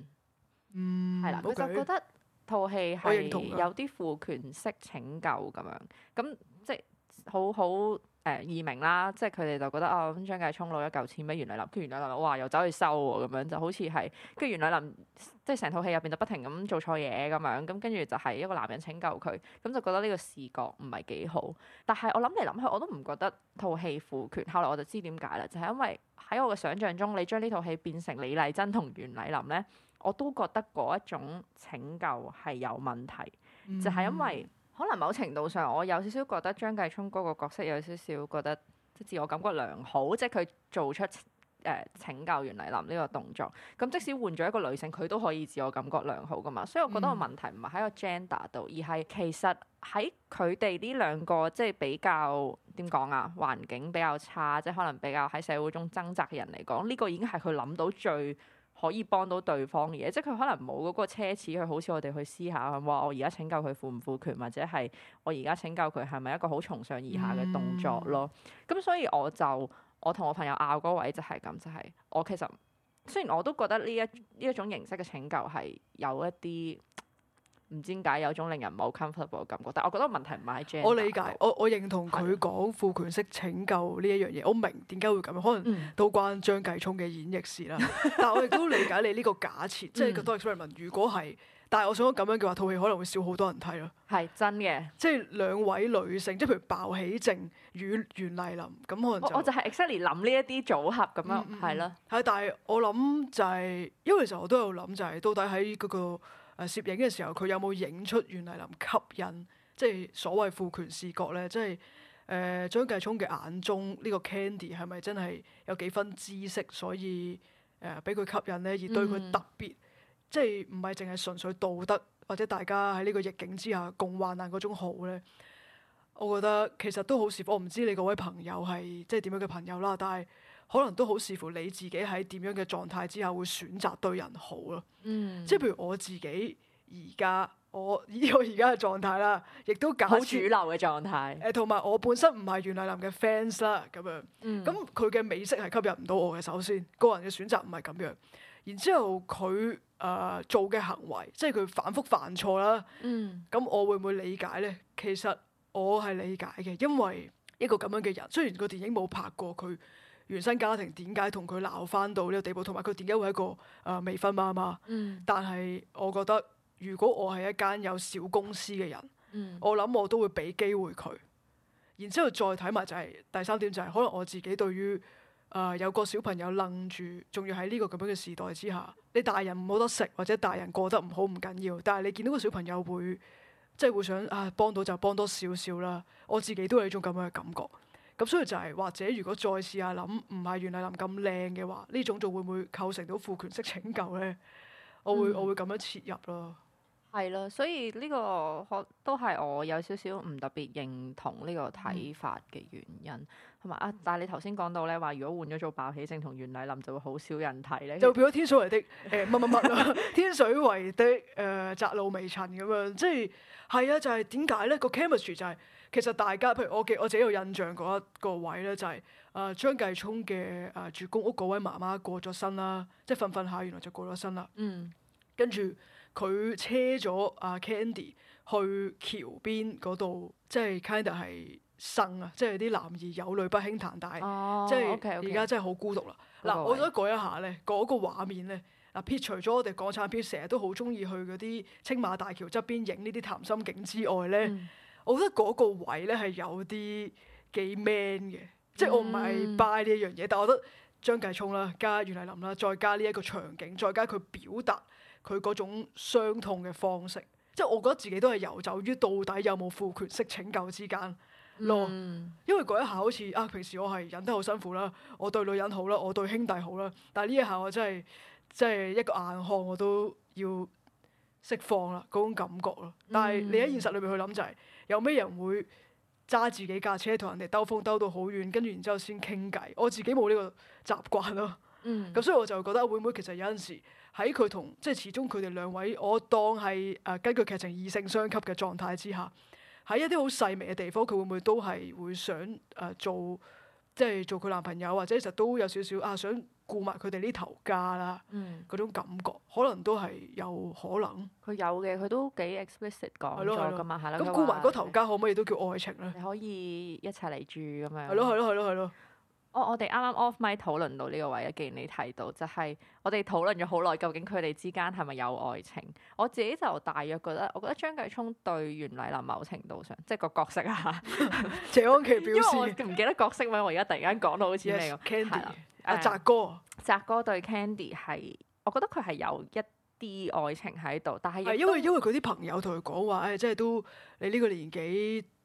嗯，係啦，佢 Okay. 就覺得套戲係有啲賦權式拯救咁樣，咁即係好好。誒、呃、易明啦，即係佢哋就覺得、哦、啊，咁張繼聰攞咗嚿錢俾袁麗琳。跟住袁麗琳哇又走去收喎，咁樣就好似係跟住袁麗琳即係成套戲入邊就不停咁做錯嘢咁樣，咁跟住就係一個男人拯救佢，咁就覺得呢個視覺唔係幾好。但係我諗嚟諗去，我都唔覺得套戲父權。後來我就知點解啦，就係、是、因為喺我嘅想像中，你將呢套戲變成李麗珍同袁麗琳咧，我都覺得嗰一種拯救係有問題，嗯、就係因為。可能某程度上，我有少少覺得張繼聰嗰個角色有少少覺得即自我感覺良好，即佢做出，誒、呃、拯救袁麗琳呢個動作。咁即使換咗一個女性，佢都可以自我感覺良好噶嘛。所以我覺得個問題唔係喺個 gender 度，而係其實喺佢哋呢兩個即係比較點講啊，環境比較差，即可能比較喺社會中掙扎嘅人嚟講呢個已經係佢諗到最。可以幫到對方嘅嘢，即係佢可能冇嗰個奢侈去，好似我哋去思考，話我而家拯救佢賦唔賦權，或者係我而家拯救佢係咪一個好從上而下嘅動作咯？咁、嗯、所以我就我同我朋友拗嗰位就係咁，就係、是、我其實雖然我都覺得呢一呢一種形式嘅拯救係有一啲。唔知點解有種令人唔係好 comfortable 嘅感覺，但係我覺得問題唔係喺 Jack 我理解，分我我認同佢講賦權式拯救呢一樣嘢，的我明點解會咁樣，可能都關張繼聰嘅演繹事啦。 但係我亦都理解你呢個假設， 即係都係 sorry 問，如果係，但係我想咁樣嘅話，套戲可能會少好多人睇咯。係真嘅，即係兩位女性，即係譬如鮑起靜與袁麗琳，咁可能就我就係 excited 諗呢一啲組合咁樣係咯。係、嗯嗯了，但係我諗就係、是，因為其實我都有諗就係、是、到底喺嗰、那個。誒攝影嘅時候，佢有冇影出袁澧林吸引，即係所謂父權視角咧？即係誒、呃、張繼聰嘅眼中呢個 Candy 係咪真係有幾分知識，所以誒俾佢吸引咧？而對佢特別，嗯、即係唔係淨係純粹道德，或者大家喺呢個逆境之下共患難嗰種好咧？我覺得其實都好，是否我唔知你嗰位朋友係即係點樣嘅朋友啦？但係。可能都好視乎你自己喺點樣嘅狀態之下會選擇對人好咯，嗯、即係譬如我自己而家我以我而家嘅狀態啦，亦都搞住主流嘅狀態誒，同埋、呃、我本身唔係袁澧林嘅 fans 啦，咁樣咁佢嘅美色係吸引唔到我嘅，首先個人嘅選擇唔係咁樣，然之後佢誒、呃、做嘅行為即係佢反覆犯錯啦，咁、嗯、我會唔會理解咧？其實我係理解嘅，因為一個咁樣嘅人，雖然個電影冇拍過佢。原生家庭點解同佢鬧翻到呢個地步？同埋佢點解會係一個誒、呃、未婚媽媽？嗯、但係我覺得，如果我係一間有小公司嘅人，嗯、我諗我都會俾機會佢。然之後再睇埋就係、是、第三點、就是，就係可能我自己對於誒、呃、有個小朋友愣住，仲要喺呢個咁樣嘅時代之下，你大人冇得食或者大人過得唔好唔緊要，但係你見到個小朋友會即係會想啊幫到就幫多少少啦。我自己都有呢種咁樣嘅感覺。咁所以就係、是，或者如果再試下諗，唔係袁澧林咁靚嘅話，呢種做會唔會構成到父權式拯救咧？我會、嗯、我會咁樣切入咯。係咯，所以呢、這個學都係我有少少唔特別認同呢個睇法嘅原因，同埋、嗯、啊，但係你頭先講到咧，話如果換咗做鮑起靜同袁澧林，就會好少人睇咧，就變咗天水圍的誒乜乜乜咯，天水圍的誒窄路微塵咁樣，即係係啊，就係點解咧？呢那個 chemistry 就係、是。其實大家，譬如我嘅我自己有印象嗰一個位咧，就係、是、啊、呃、張繼聰嘅啊、呃、住公屋嗰位媽媽過咗身啦，即係瞓瞓下原來就過咗身啦。嗯，跟住佢車咗啊 Candy 去橋邊嗰度，即係 Candy 係生啊，即係啲男兒有淚不輕彈，但係、哦、即係而家真係好孤獨啦。嗱位，我想講一下咧，嗰、那個畫面咧，嗱，撇除咗我哋港產片成日都好中意去嗰啲青馬大橋側邊影呢啲談心景之外咧。嗯我覺得嗰個位呢係有啲幾 man 嘅，即係我唔係 buy 呢一樣嘢，但係我覺得張繼聰啦，加袁澧林啦，再加呢一個場景，再加佢表達佢嗰種傷痛嘅方式，即係我覺得自己都係遊走於到底有冇父權式拯救之間咯。嗯、因為嗰一下好似啊，平時我係忍得好辛苦啦，我對女人好啦，我對兄弟好啦，但係呢一下我真係真係一個硬漢，我都要釋放啦嗰種感覺咯。但係你喺現實裏面去諗就係、是。有咩人會揸自己架車同人哋兜風兜到好遠，跟住然之後先傾偈？我自己冇呢個習慣咯。咁、mm hmm. 所以我就覺得會唔會其實有陣時喺佢同即係始終佢哋兩位，我當係誒、呃、根據劇情異性相吸嘅狀態之下，喺一啲好細微嘅地方，佢會唔會都係會想誒、呃、做即係做佢男朋友、啊，或者其實都有少少啊想。顧埋佢哋呢頭家啦，嗰種感覺、嗯、可能都係有可能。佢有嘅，佢都幾 explicit 講咗噶嘛，係啦。咁顧埋嗰頭家可唔可以都叫愛情咧？你可以一齊嚟住咁樣。係咯，係咯，係咯，係咯。我我哋啱啱 off mic 討論到呢個位，既然你睇到，就係、是、我哋討論咗好耐，究竟佢哋之間係咪有愛情？我自己就大約覺得，我覺得張繼聰對袁澧林某程度上，即係個角色啊， 謝安琪表示，唔 記得角色，因為我而家突然間講到好似你㗎，啦 Yes, Candy.。阿澤、uh, 哥，澤哥對 Candy 係，我覺得佢係有一啲愛情喺度，但係因為因為佢啲朋友同佢講話，誒、哎、即係都你呢個年紀，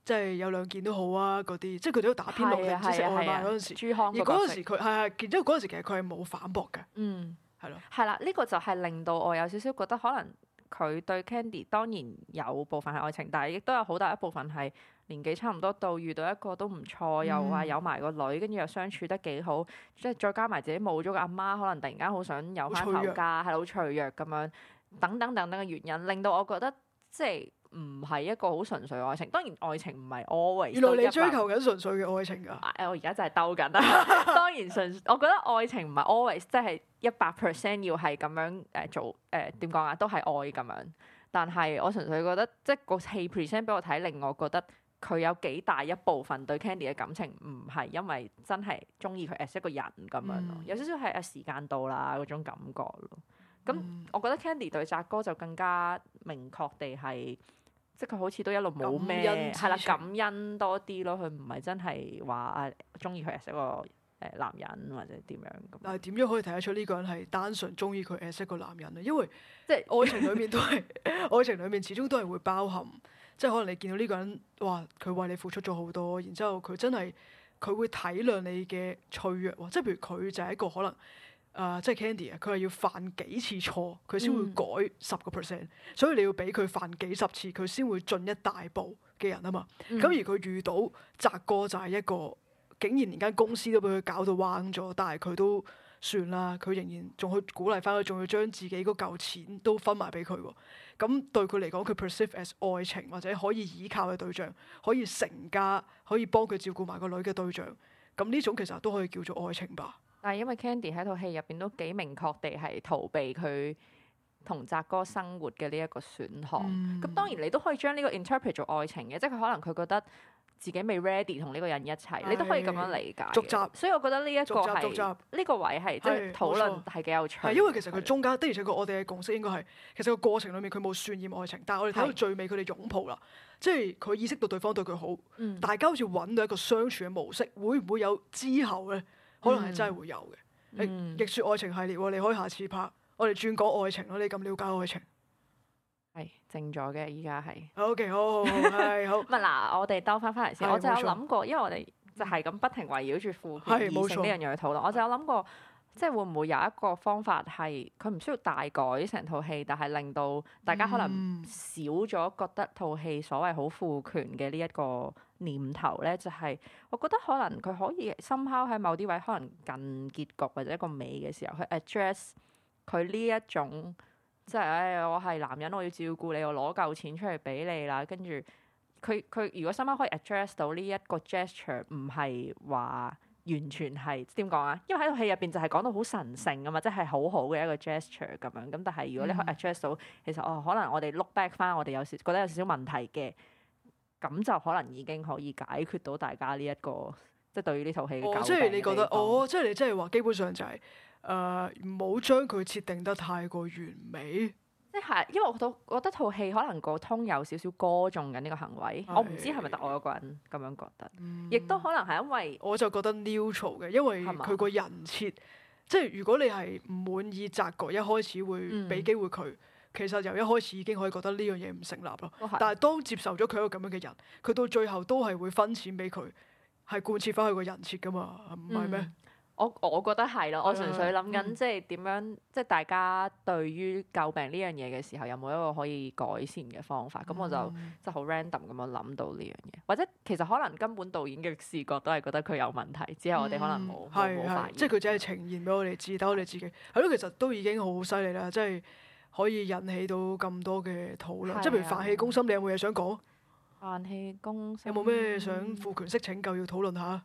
即係有兩件都好啊嗰啲，即係佢都打邊爐，嘅、啊。芝麻愛奶嗰陣時，啊、朱康而嗰時佢係啊，因為嗰陣時其實佢係冇反駁嘅，嗯，係咯、啊，係啦、啊，呢、呢個就係令到我有少少覺得，可能佢對 Candy 當然有部分係愛情，但係亦都有好大一部分係。年紀差唔多到，遇到一個都唔錯，嗯、又話有埋個女，跟住又相處得幾好，即係再加埋自己冇咗個阿媽，可能突然間好想有翻頭家，係好脆弱咁樣，等等等等嘅原因，令到我覺得即係唔係一個好純粹嘅愛情。當然愛情唔係 always 原來你追求緊純粹嘅愛情噶。誒、啊，我而家就係兜緊啦。 當然純，我覺得愛情唔係 always 即係一百 percent 要係咁樣誒做誒點講啊，都係愛咁樣。但係我純粹覺得即係個戲 present 俾我睇，令我覺得，我覺得。佢有幾大一部分對 Candy 嘅感情唔係因為真係中意佢 as 一個人咁樣，嗯、有少少係時間到啦嗰種感覺咯。咁、嗯、我覺得 Candy 對澤哥就更加明確地係，即係佢好似都一路冇咩係啦，感恩多啲咯。佢唔係真係話啊，中意佢 as 一個誒男人或者點樣咁。但係點樣可以睇得出呢個人係單純中意佢 as 一個男人啊？因為即係、即係、愛情裡面都係 愛情裡面始終都係會包含。即係可能你見到呢個人，哇！佢為你付出咗好多，然之後佢真係佢會體諒你嘅脆弱喎。即係譬如佢就係一個可能，誒、呃，即係 Candy 啊，佢係要犯幾次錯，佢先會改十個 percent，所以你要俾佢犯幾十次，佢先會進一大步嘅人啊嘛。咁、嗯、而佢遇到窄哥就係一個，竟然連間公司都俾佢搞到彎咗，但係佢都。算啦，佢仍然仲去鼓勵翻佢，仲要將自己嗰嚿錢都分埋俾佢喎。咁對佢嚟講，佢 perceive as 愛情或者可以依靠嘅對象，可以成家，可以幫佢照顧埋個女嘅對象。咁呢種其實都可以叫做愛情吧？但係因為 Candy 喺套戲入邊都幾明確地係逃避佢同澤哥生活嘅呢一個選項。咁、嗯、當然你都可以將呢個 interpret 做愛情嘅，即係佢可能佢覺得。自己未 ready 同呢個人一齊，的你都可以咁樣理解。續集，所以我覺得呢一個係，呢集個位係即係討論係幾有趣。係因為其實佢中間是的而且確，我哋嘅共識應該係，其實個過程裡面佢冇渲染愛情，但係我哋睇到最尾佢哋擁抱啦，的即係佢意識到對方對佢好，嗯、大家好似揾到一個相處嘅模式，會唔會有之後咧？可能係真係會有嘅。逆說、嗯欸、愛情系列，你可以下次拍，我哋轉講愛情咯。你咁了解愛情？係正咗嘅，依家係。OK，好，係好。係嗱，我哋兜翻翻嚟先。我就有諗過，因為我哋就係咁不停圍繞住父權異性呢樣嘢,去討論。我就有諗過，即係會唔會有一個方法係佢唔需要大改成套戲，但係令到大家可能少咗、嗯、覺得套戲所謂好父權嘅呢一個念頭咧，就係、是、我覺得可能佢可以 somehow 喺某啲位，可能近結局或者一個尾嘅時候，去 address 佢呢一種。即係，唉、就是哎，我係男人，我要照顧你，我攞夠錢出嚟俾你啦。跟住佢佢，如果今晚可以 address 到呢一個 gesture，唔係話完全係點講啊？因為喺套戲入邊就係講到好神聖㗎嘛，即係好好嘅一個 gesture 咁樣。咁但係如果你可以 address 到，嗯、其實哦，可能我哋 look back 返，我哋有時覺得有少少問題嘅，咁就可能已經可以解決到大家呢、這、一個。即係對於呢套戲嘅，哦，即係你覺得，種哦，即係你即係話，基本上就係、是、誒，唔好將佢設定得太過完美。即係，因為我覺得套戲可能個通有少少歌頌緊呢個行為。是我唔知係咪得我一個人咁樣覺得，亦都、嗯、可能係因為我就覺得 neutral 嘅，因為佢個嗎人設，即係如果你係唔滿意澤國一開始會俾機會佢，其實由一開始已經可以覺得呢樣嘢唔成立咯。嗯、但係當接受咗佢一個咁樣嘅人，佢到最後都係會分錢俾佢。係貫徹翻佢個人設噶嘛，唔係咩？我我覺得係咯，我純粹諗緊即係點樣，即係大家對於救病呢樣嘢嘅時候有冇一個可以改善嘅方法？咁我就就好 random 咁樣諗到呢樣嘢，或者其實可能根本導演嘅視覺都係覺得佢有問題，之後我哋可能冇冇反應，即係佢只係呈現俾我哋知，等我哋自己。係咯，其實都已經好犀利啦，即係可以引起到咁多嘅討論。即係譬如發氣攻心，你有冇嘢想講？硬氣功有冇咩想賦權式拯救要討論下？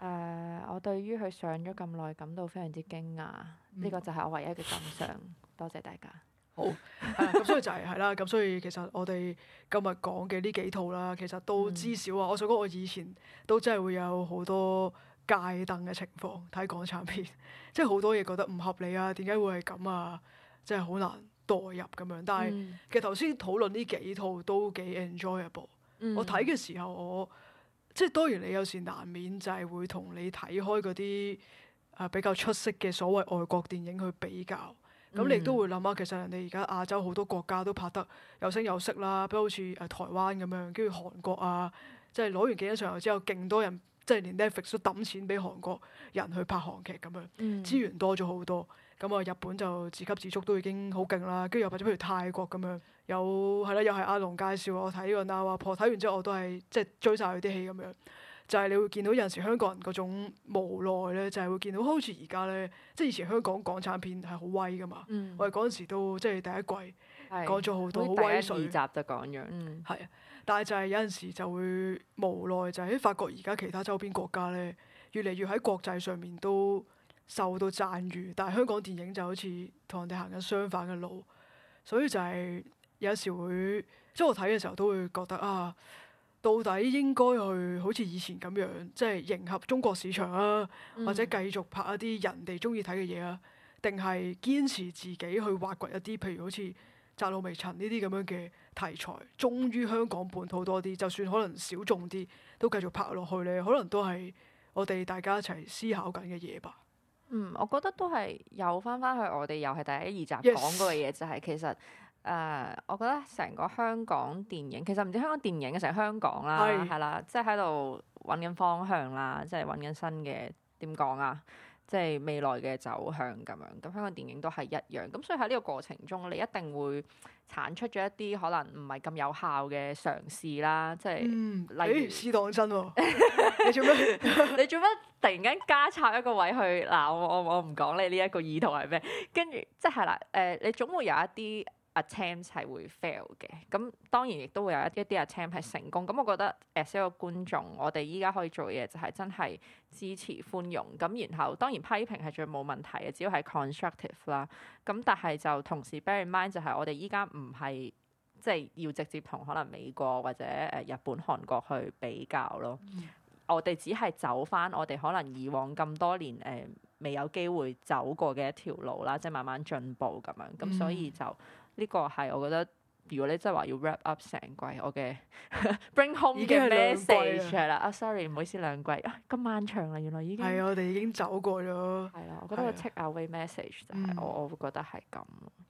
誒，uh, 我對於佢上咗咁耐，感到非常之驚訝。呢、mm. 個就係我唯一嘅感想。 多謝大家。好，咁、 啊、所以就係係啦。咁所以其實我哋今日講嘅呢幾套啦，其實都至少啊，我想講我以前都真係會有好多戒燈嘅情況睇港產片，即係好多嘢覺得唔合理啊，點解會係咁啊？真係好難代入咁樣。但係、mm. 其實頭先討論呢幾套都幾 enjoyable。我睇嘅時候，我即係當然你有時難免就係會同你睇開嗰啲誒比較出色嘅所謂外國電影去比較，咁你都會諗下，其實人哋而家亞洲好多國家都拍得有聲有色啦，比如好似誒台灣咁樣，跟住韓國啊，即係攞完競爭上游之後，勁多人即係連 Netflix 都抌錢俾韓國人去拍韓劇咁樣，資源多咗好多。咁啊，日本就自給自足都已經好勁啦，跟住又或者譬如泰國咁樣，有係啦，又係阿龍介紹我睇、呢個《阿華婆》，睇完之後我都係即係追晒佢啲戲咁樣。就係、是、你會見到有陣時香港人嗰種無奈咧，就係、是、會見到好似而家咧，即係以前香港港產片係好威㗎嘛，嗯、我哋嗰陣時都即係第一季講咗好多好威水，集就講咗，係、嗯、啊，但係就係有陣時就會無奈，就喺、是、法國而家其他周邊國家咧，越嚟越喺國際上面都受到讚譽，但係香港電影就好似同人哋行緊相反嘅路，所以就係有時會即係我睇嘅時候都會覺得啊，到底應該去好似以前咁樣，即係迎合中國市場啊，或者繼續拍一啲人哋中意睇嘅嘢啊，定係堅持自己去挖掘一啲，譬如好似《窄路微塵》呢啲咁樣嘅題材，忠於香港本土多啲，就算可能小眾啲，都繼續拍落去咧，可能都係我哋大家一齊思考緊嘅嘢吧。嗯，我覺得都係有翻翻去我哋又係第一二集講過嘅嘢，Yes. 就係其實誒，我覺得成個香港電影，其實唔知香港電影嘅成香港啦，係 Yes. 啦，即係喺度揾緊方向啦，即係揾緊新嘅點講啊，即係未來嘅走向咁樣。咁香港電影都係一樣，咁所以喺呢個過程中，你一定會產出咗一啲可能唔係咁有效嘅嘗試啦，即係、嗯、例如試當真喎、哦， 你做咩？你做乜突然間加插一個位去？嗱，我我我唔講你呢一個意圖係咩？跟住即係啦，誒、呃，你總會有一啲。Attempts 係會 fail 嘅，咁當然亦都會有一一啲 attempt 係成功。咁我覺得，作為一個觀眾，我哋依家可以做嘅嘢就係真係支持、寬容咁。然後當然批評係最冇問題嘅，只要係 constructive 啦。咁但係就同時 bear in mind 就係我哋依家唔係即係要直接同可能美國或者誒日本、韓國去比較咯。Mm. 我哋只係走翻我哋可能以往咁多年誒、呃、未有機會走過嘅一條路啦，即係慢慢進步咁樣。咁所以就。Mm. 呢個係我覺得，如果你真係話要 wrap up 成季我嘅 bring home 嘅 message 係啦，啊、 oh, sorry 唔好意思兩季，啊咁漫長啦，原來已經係我哋已經走過咗。係啦，我覺得個 take away message 就係我、嗯、我會覺得係咁，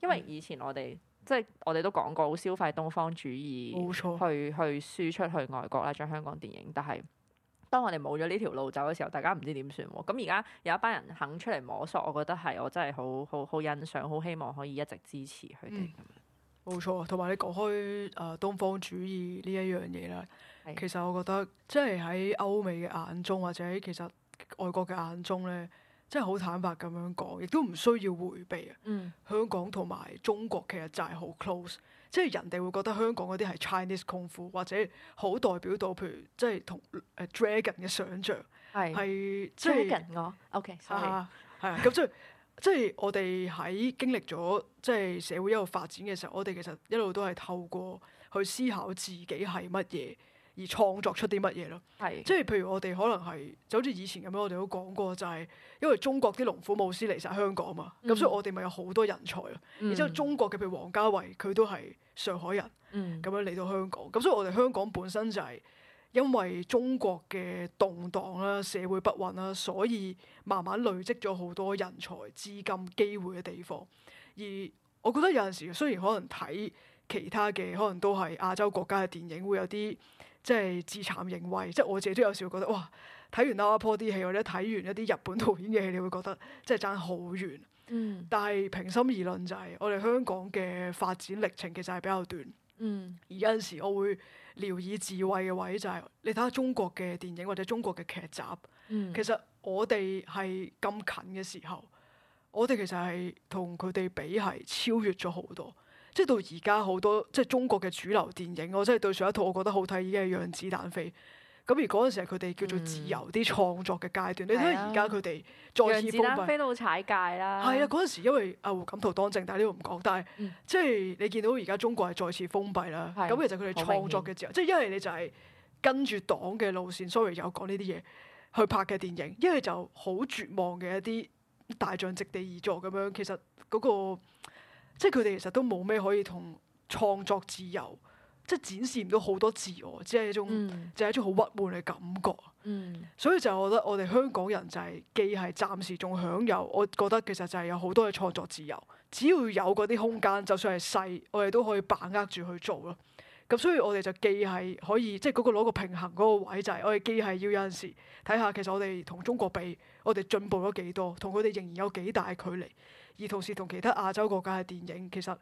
因為以前我哋、嗯、即係我哋都講過好消費東方主義去，去錯去輸出去外國啦，將香港電影，但係。當我哋冇咗呢條路走嘅時候，大家唔知點算喎。咁而家有一班人肯出嚟摸索，我覺得係我真係好好好欣賞，好希望可以一直支持佢哋。嗯、冇錯，同埋你講開誒東方主義呢一樣嘢啦，的其實我覺得即係喺歐美嘅眼中，或者其實外國嘅眼中咧，即係好坦白咁樣講，亦都唔需要迴避啊。嗯、香港同埋中國其實就係好 close。即係人哋會覺得香港嗰啲係 Chinese 功夫，或者好代表到，譬如即係同誒 Dragon 嘅想像係，即係 Dragon 我 OK 係啊，係啊，咁所以即係我哋喺經歷咗即係社會一路發展嘅時候，我哋其實一路都係透過去思考自己係乜嘢。而創作出啲乜嘢咯？的即係譬如我哋可能係就好似以前咁樣，我哋都講過就係、是、因為中國啲龍虎武師嚟晒香港嘛，咁、嗯、所以我哋咪有好多人才啊！然之後中國嘅譬如王家衞，佢都係上海人，咁、嗯、樣嚟到香港，咁所以我哋香港本身就係因為中國嘅動盪啦、社會不穩啦，所以慢慢累積咗好多人才、資金、機會嘅地方。而我覺得有陣時雖然可能睇其他嘅可能都係亞洲國家嘅電影會有啲。即係自慚形穢，即係我自己都有時會覺得，哇！睇完《阿婆》啲戲，或者睇完一啲日本導演嘅戲，你會覺得即係爭好遠。嗯、但係平心而論就係、是，我哋香港嘅發展歷程其實係比較短。嗯、而有陣時我會聊以自慰嘅位就係、是，你睇下中國嘅電影或者中國嘅劇集。嗯、其實我哋係咁近嘅時候，我哋其實係同佢哋比係超越咗好多。即係到而家好多，即係中國嘅主流電影，我真係對上一套我覺得好睇已經係《讓子彈飛》。咁而嗰陣時係佢哋叫做自由啲創作嘅階段。嗯、你睇下而家佢哋再次封閉到踩界啦。係啊，嗰陣時因為阿胡錦濤當政，但係呢度唔講。但係、嗯、即係你見到而家中國係再次封閉啦。咁其實佢哋創作嘅自由，即係一係你就係跟住黨嘅路線。Sorry，有講呢啲嘢去拍嘅電影，一係就好絕望嘅一啲大象席地而坐咁樣。其實嗰、那個。即係佢哋其實都冇咩可以同創作自由，即係展示唔到好多自我，只係一種，mm. 只係一種好鬱悶嘅感覺。Mm. 所以就我覺得我哋香港人就係既係暫時仲享有，我覺得其實就係有好多嘅創作自由，只要有嗰啲空間，就算係細，我哋都可以把握住去做咯。咁所以我哋就既係可以，即係嗰個攞個平衡嗰個位就係我哋既係要有陣時睇下，看看其實我哋同中國比，我哋進步咗幾多，同佢哋仍然有幾大距離。而同時，同其他亞洲國家嘅電影，其實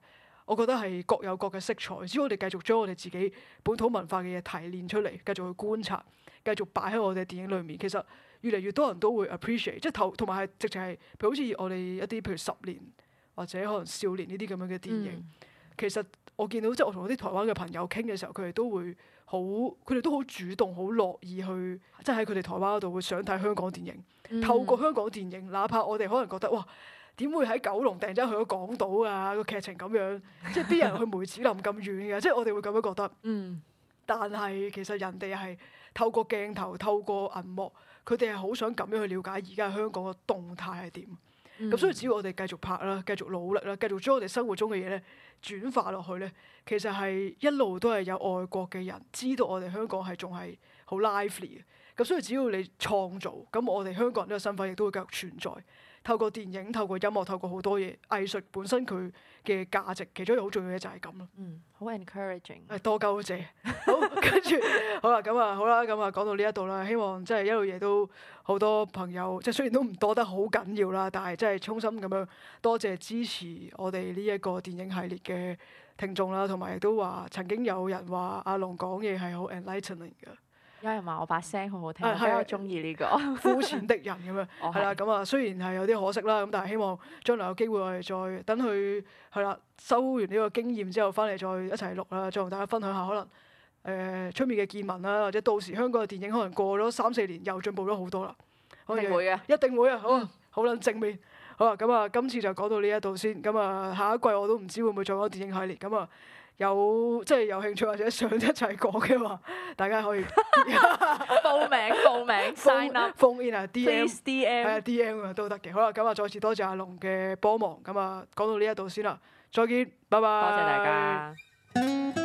我覺得係各有各嘅色彩。只要我哋繼續將我哋自己本土文化嘅嘢提煉出嚟，繼續去觀察，繼續擺喺我哋嘅電影裏面，其實越嚟越多人都會 appreciate，即係同埋係直情係，譬如好似我哋一啲譬如十年或者可能少年呢啲咁樣嘅電影，嗯、其實我見到即係我同啲台灣嘅朋友傾嘅時候，佢哋都會好，佢哋都好主動，好樂意去即係喺佢哋台灣嗰度會想睇香港電影，透過香港電影，哪怕我哋可能覺得哇～點會喺九龍突然間去咗港島啊？個劇情咁樣，即係啲人去梅子林咁遠嘅？ 即係我哋會咁樣覺得。嗯。但係其實人哋係透過鏡頭、透過銀幕，佢哋係好想咁樣去了解而家香港嘅動態係點。咁、嗯、所以只要我哋繼續拍啦，繼續努力啦，繼續將我哋生活中嘅嘢咧轉化落去咧，其實係一路都係有外國嘅人知道我哋香港係仲係好 lively 嘅。咁所以只要你創造，咁我哋香港人嘅身份亦都會繼續存在。透過電影、透過音樂、透過好多嘢，藝術本身佢嘅價值，其中一個好重要嘅就係咁囉。嗯，好 encouraging。係多謝，好跟住好啦，咁啊好啦，咁啊講到呢一度啦，希望即係一路嘢都好多朋友，即係雖然都唔多得好緊要啦，但係真係衷心咁樣多謝支持我哋呢一個電影系列嘅聽眾啦，同埋亦都話曾經有人話阿龍講嘢係好 enlightening 嘅。有人話我把聲好好聽，的我比較中意呢個膚淺的， 的人咁樣，係啦，咁啊，雖然係有啲可惜啦，咁但係希望將來有機會我哋再等佢係啦，收完呢個經驗之後，翻嚟再一齊錄啦，再同大家分享下可能誒出、呃、面嘅見聞啦，或者到時香港嘅電影可能過咗三四年又進步咗好多啦，一定會啊，一定會啊，好啊，好撚正面，好啦，咁啊，今次就講到呢一度先，咁啊，下一季我都唔知會唔會再講電影系列咁啊。有即係有興趣或者想一齊講嘅話，大家可以 報名報名 sign up，join in，DM 係啊 DM 啊 DM 都得嘅。好啦，咁啊再次多謝阿龍嘅幫忙。咁啊講到呢一度先啦，再見，拜拜，多謝大家。